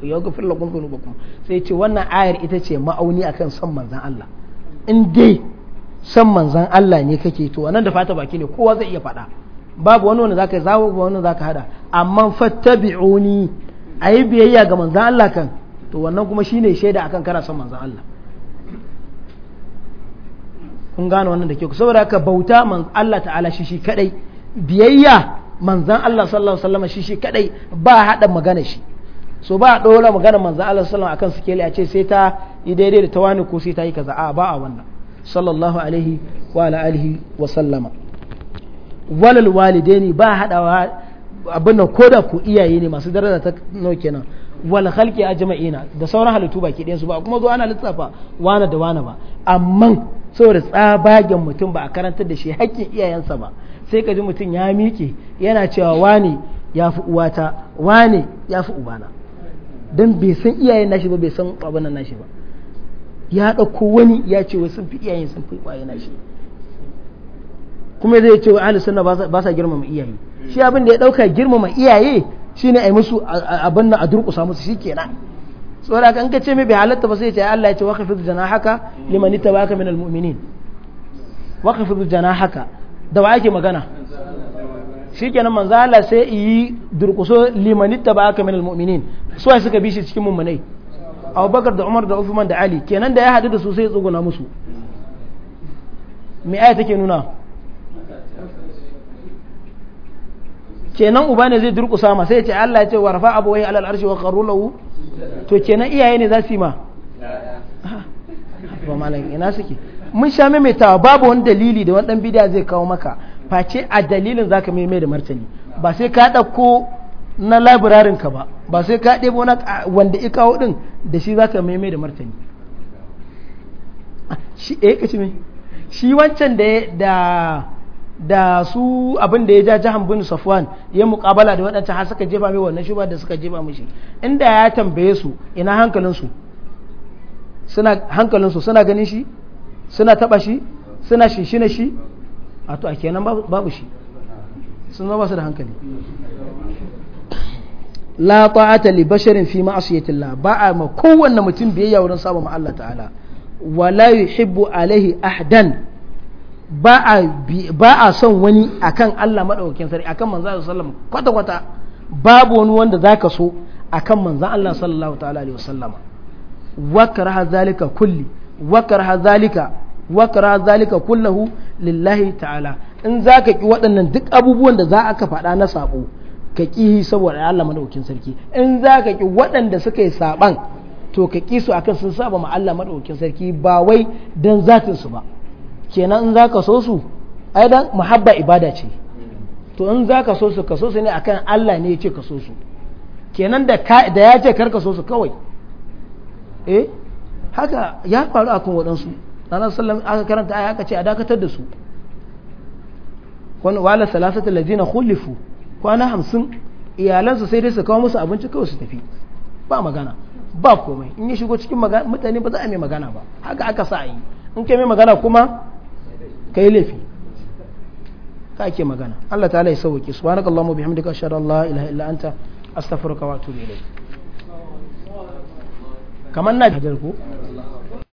yaghfir lakum dhunubakum sai ce wannan ayar ita ce ma'auni akan son manzon Allah in dai son manzon Allah ne kake to nan da fata baki ne kowa zai iya faɗa babu wani wanda zaka zawo ba wani zaka hada amma fattabi'uni ayi biyayya ga manzon Allah kan to wannan kuma shine shaida akan kana san manzon Allah kun gane wannan da ke ku saboda haka bauta man Allah ta'ala shi shi kadai biyayya manzan Allah sallallahu alaihi wasallam shi shi kadai ba hada magana shi so ba dora magana manzan Allah sallallahu alaihi wasallam akan sikeli a ce sai ta yi daidai da tawani ko sai ta yi kaza a ba a wannan sallallahu alaihi wa ala alihi wa sallama walal walidaini ba hadawa abin nan koda ku iyaye ne masu daraja ta nau kenan wal khalqi ajma'ina da sauran halittu baki ɗayan su ba kuma zo ana lissafa wana da wana ba amman saboda tsabagen mutum ba a karantar da shi haƙƙin iyayensa ba sai ka ji mutum ya miƙe yana cewa wane ya fi uwata wane ya fi ubana don bai san iyayen nashi ba bai san babanan nashi ba ya ɗauko wani ya ce wa sun fi iyayen sun fi iyayen nashi kuma zai ce wa ahli sunna ba sa girmama iyaye shi abin da ya ɗauka girmama iyaye shine a yi musu abin na a durƙusa musu shikenan saboda kan ka ce mai bai halatta ba sai ya ce Allah ya ce wa khafid janahaka liman ittaba'aka almuminin mu'minin wa khafid janahaka da wa ake magana shikenan manzo Allah sai yi durkuso liman ittaba'aka min almuminin su ai suka bi shi cikin mummunai Abubakar da Umar da Uthman da Ali kenan da ya hadu da su sai ya tsuguna musu me aya take nuna kenan uba ne zai durkusa ma sai ya ce Allah ya ce warfa wai alal arshi wa qarru lahu to kenan iyaye ne za su yi ma ba malam ina suke mun sha maimaitawa babu wani dalili da wani dan bidiya zai kawo maka face a dalilin zaka maimai da martani ba sai ka ɗauko na labirarin ka ba ba sai ka ɗebo na wanda ya kawo ɗin da shi zaka maimai da martani shi eh ci me shi wancan da da da su abin da ya ja jahan bin safwan ya mukabala da waɗancan har suka jefa mai wannan shuba da suka jefa mishi inda ya tambaye su ina hankalinsu suna hankalinsu suna ganin shi suna taɓa shi suna shinshina shi a to a kenan babu shi sun zama su da hankali la ta'ata li basharin fi ma'asiyatillah ba a ma kowanne mutum biyayya wurin saba ma Allah ta'ala wala yuhibbu alaihi ahdan ba a son wani akan Allah maɗaukakin sarki akan manzan wasallam kwata-kwata babu wani wanda za ka so akan manza Allah sallallahu ta'ala alaihi wasallama wakar zalika kulli wakar zalika wakar zalika kullahu lillahi ta'ala in za ka ki waɗannan duk abubuwan da za a ka faɗa na sako ka ƙi saboda Allah maɗaukakin sarki in za ka ki waɗanda suka yi saɓan to ka ƙi su akan sun saba ma Allah maɗaukakin sarki ba wai don zatinsu ba kenan in za ka so su ai dan muhabba ibada ce to in za ka so su ka so su ne akan Allah ne ya ce ka so su kenan da ya ce kar ka so su kawai eh haka ya faru akan waɗansu ranar sallam aka karanta aya aka ce a dakatar da su wani wala salasata lazina khulifu kwana hamsin iyalansu sai dai su kawo musu abinci kawai su tafi ba magana ba komai in ya shigo cikin mutane ba za a mai magana ba haka aka sa yi in ke mai magana kuma kai laifi ka ake magana Allah ta'ala ya sauke subhanakallahumma bihamdika ashhadu an la ilaha illa anta astaghfiruka wa atubu ilayk kamar na hajar ko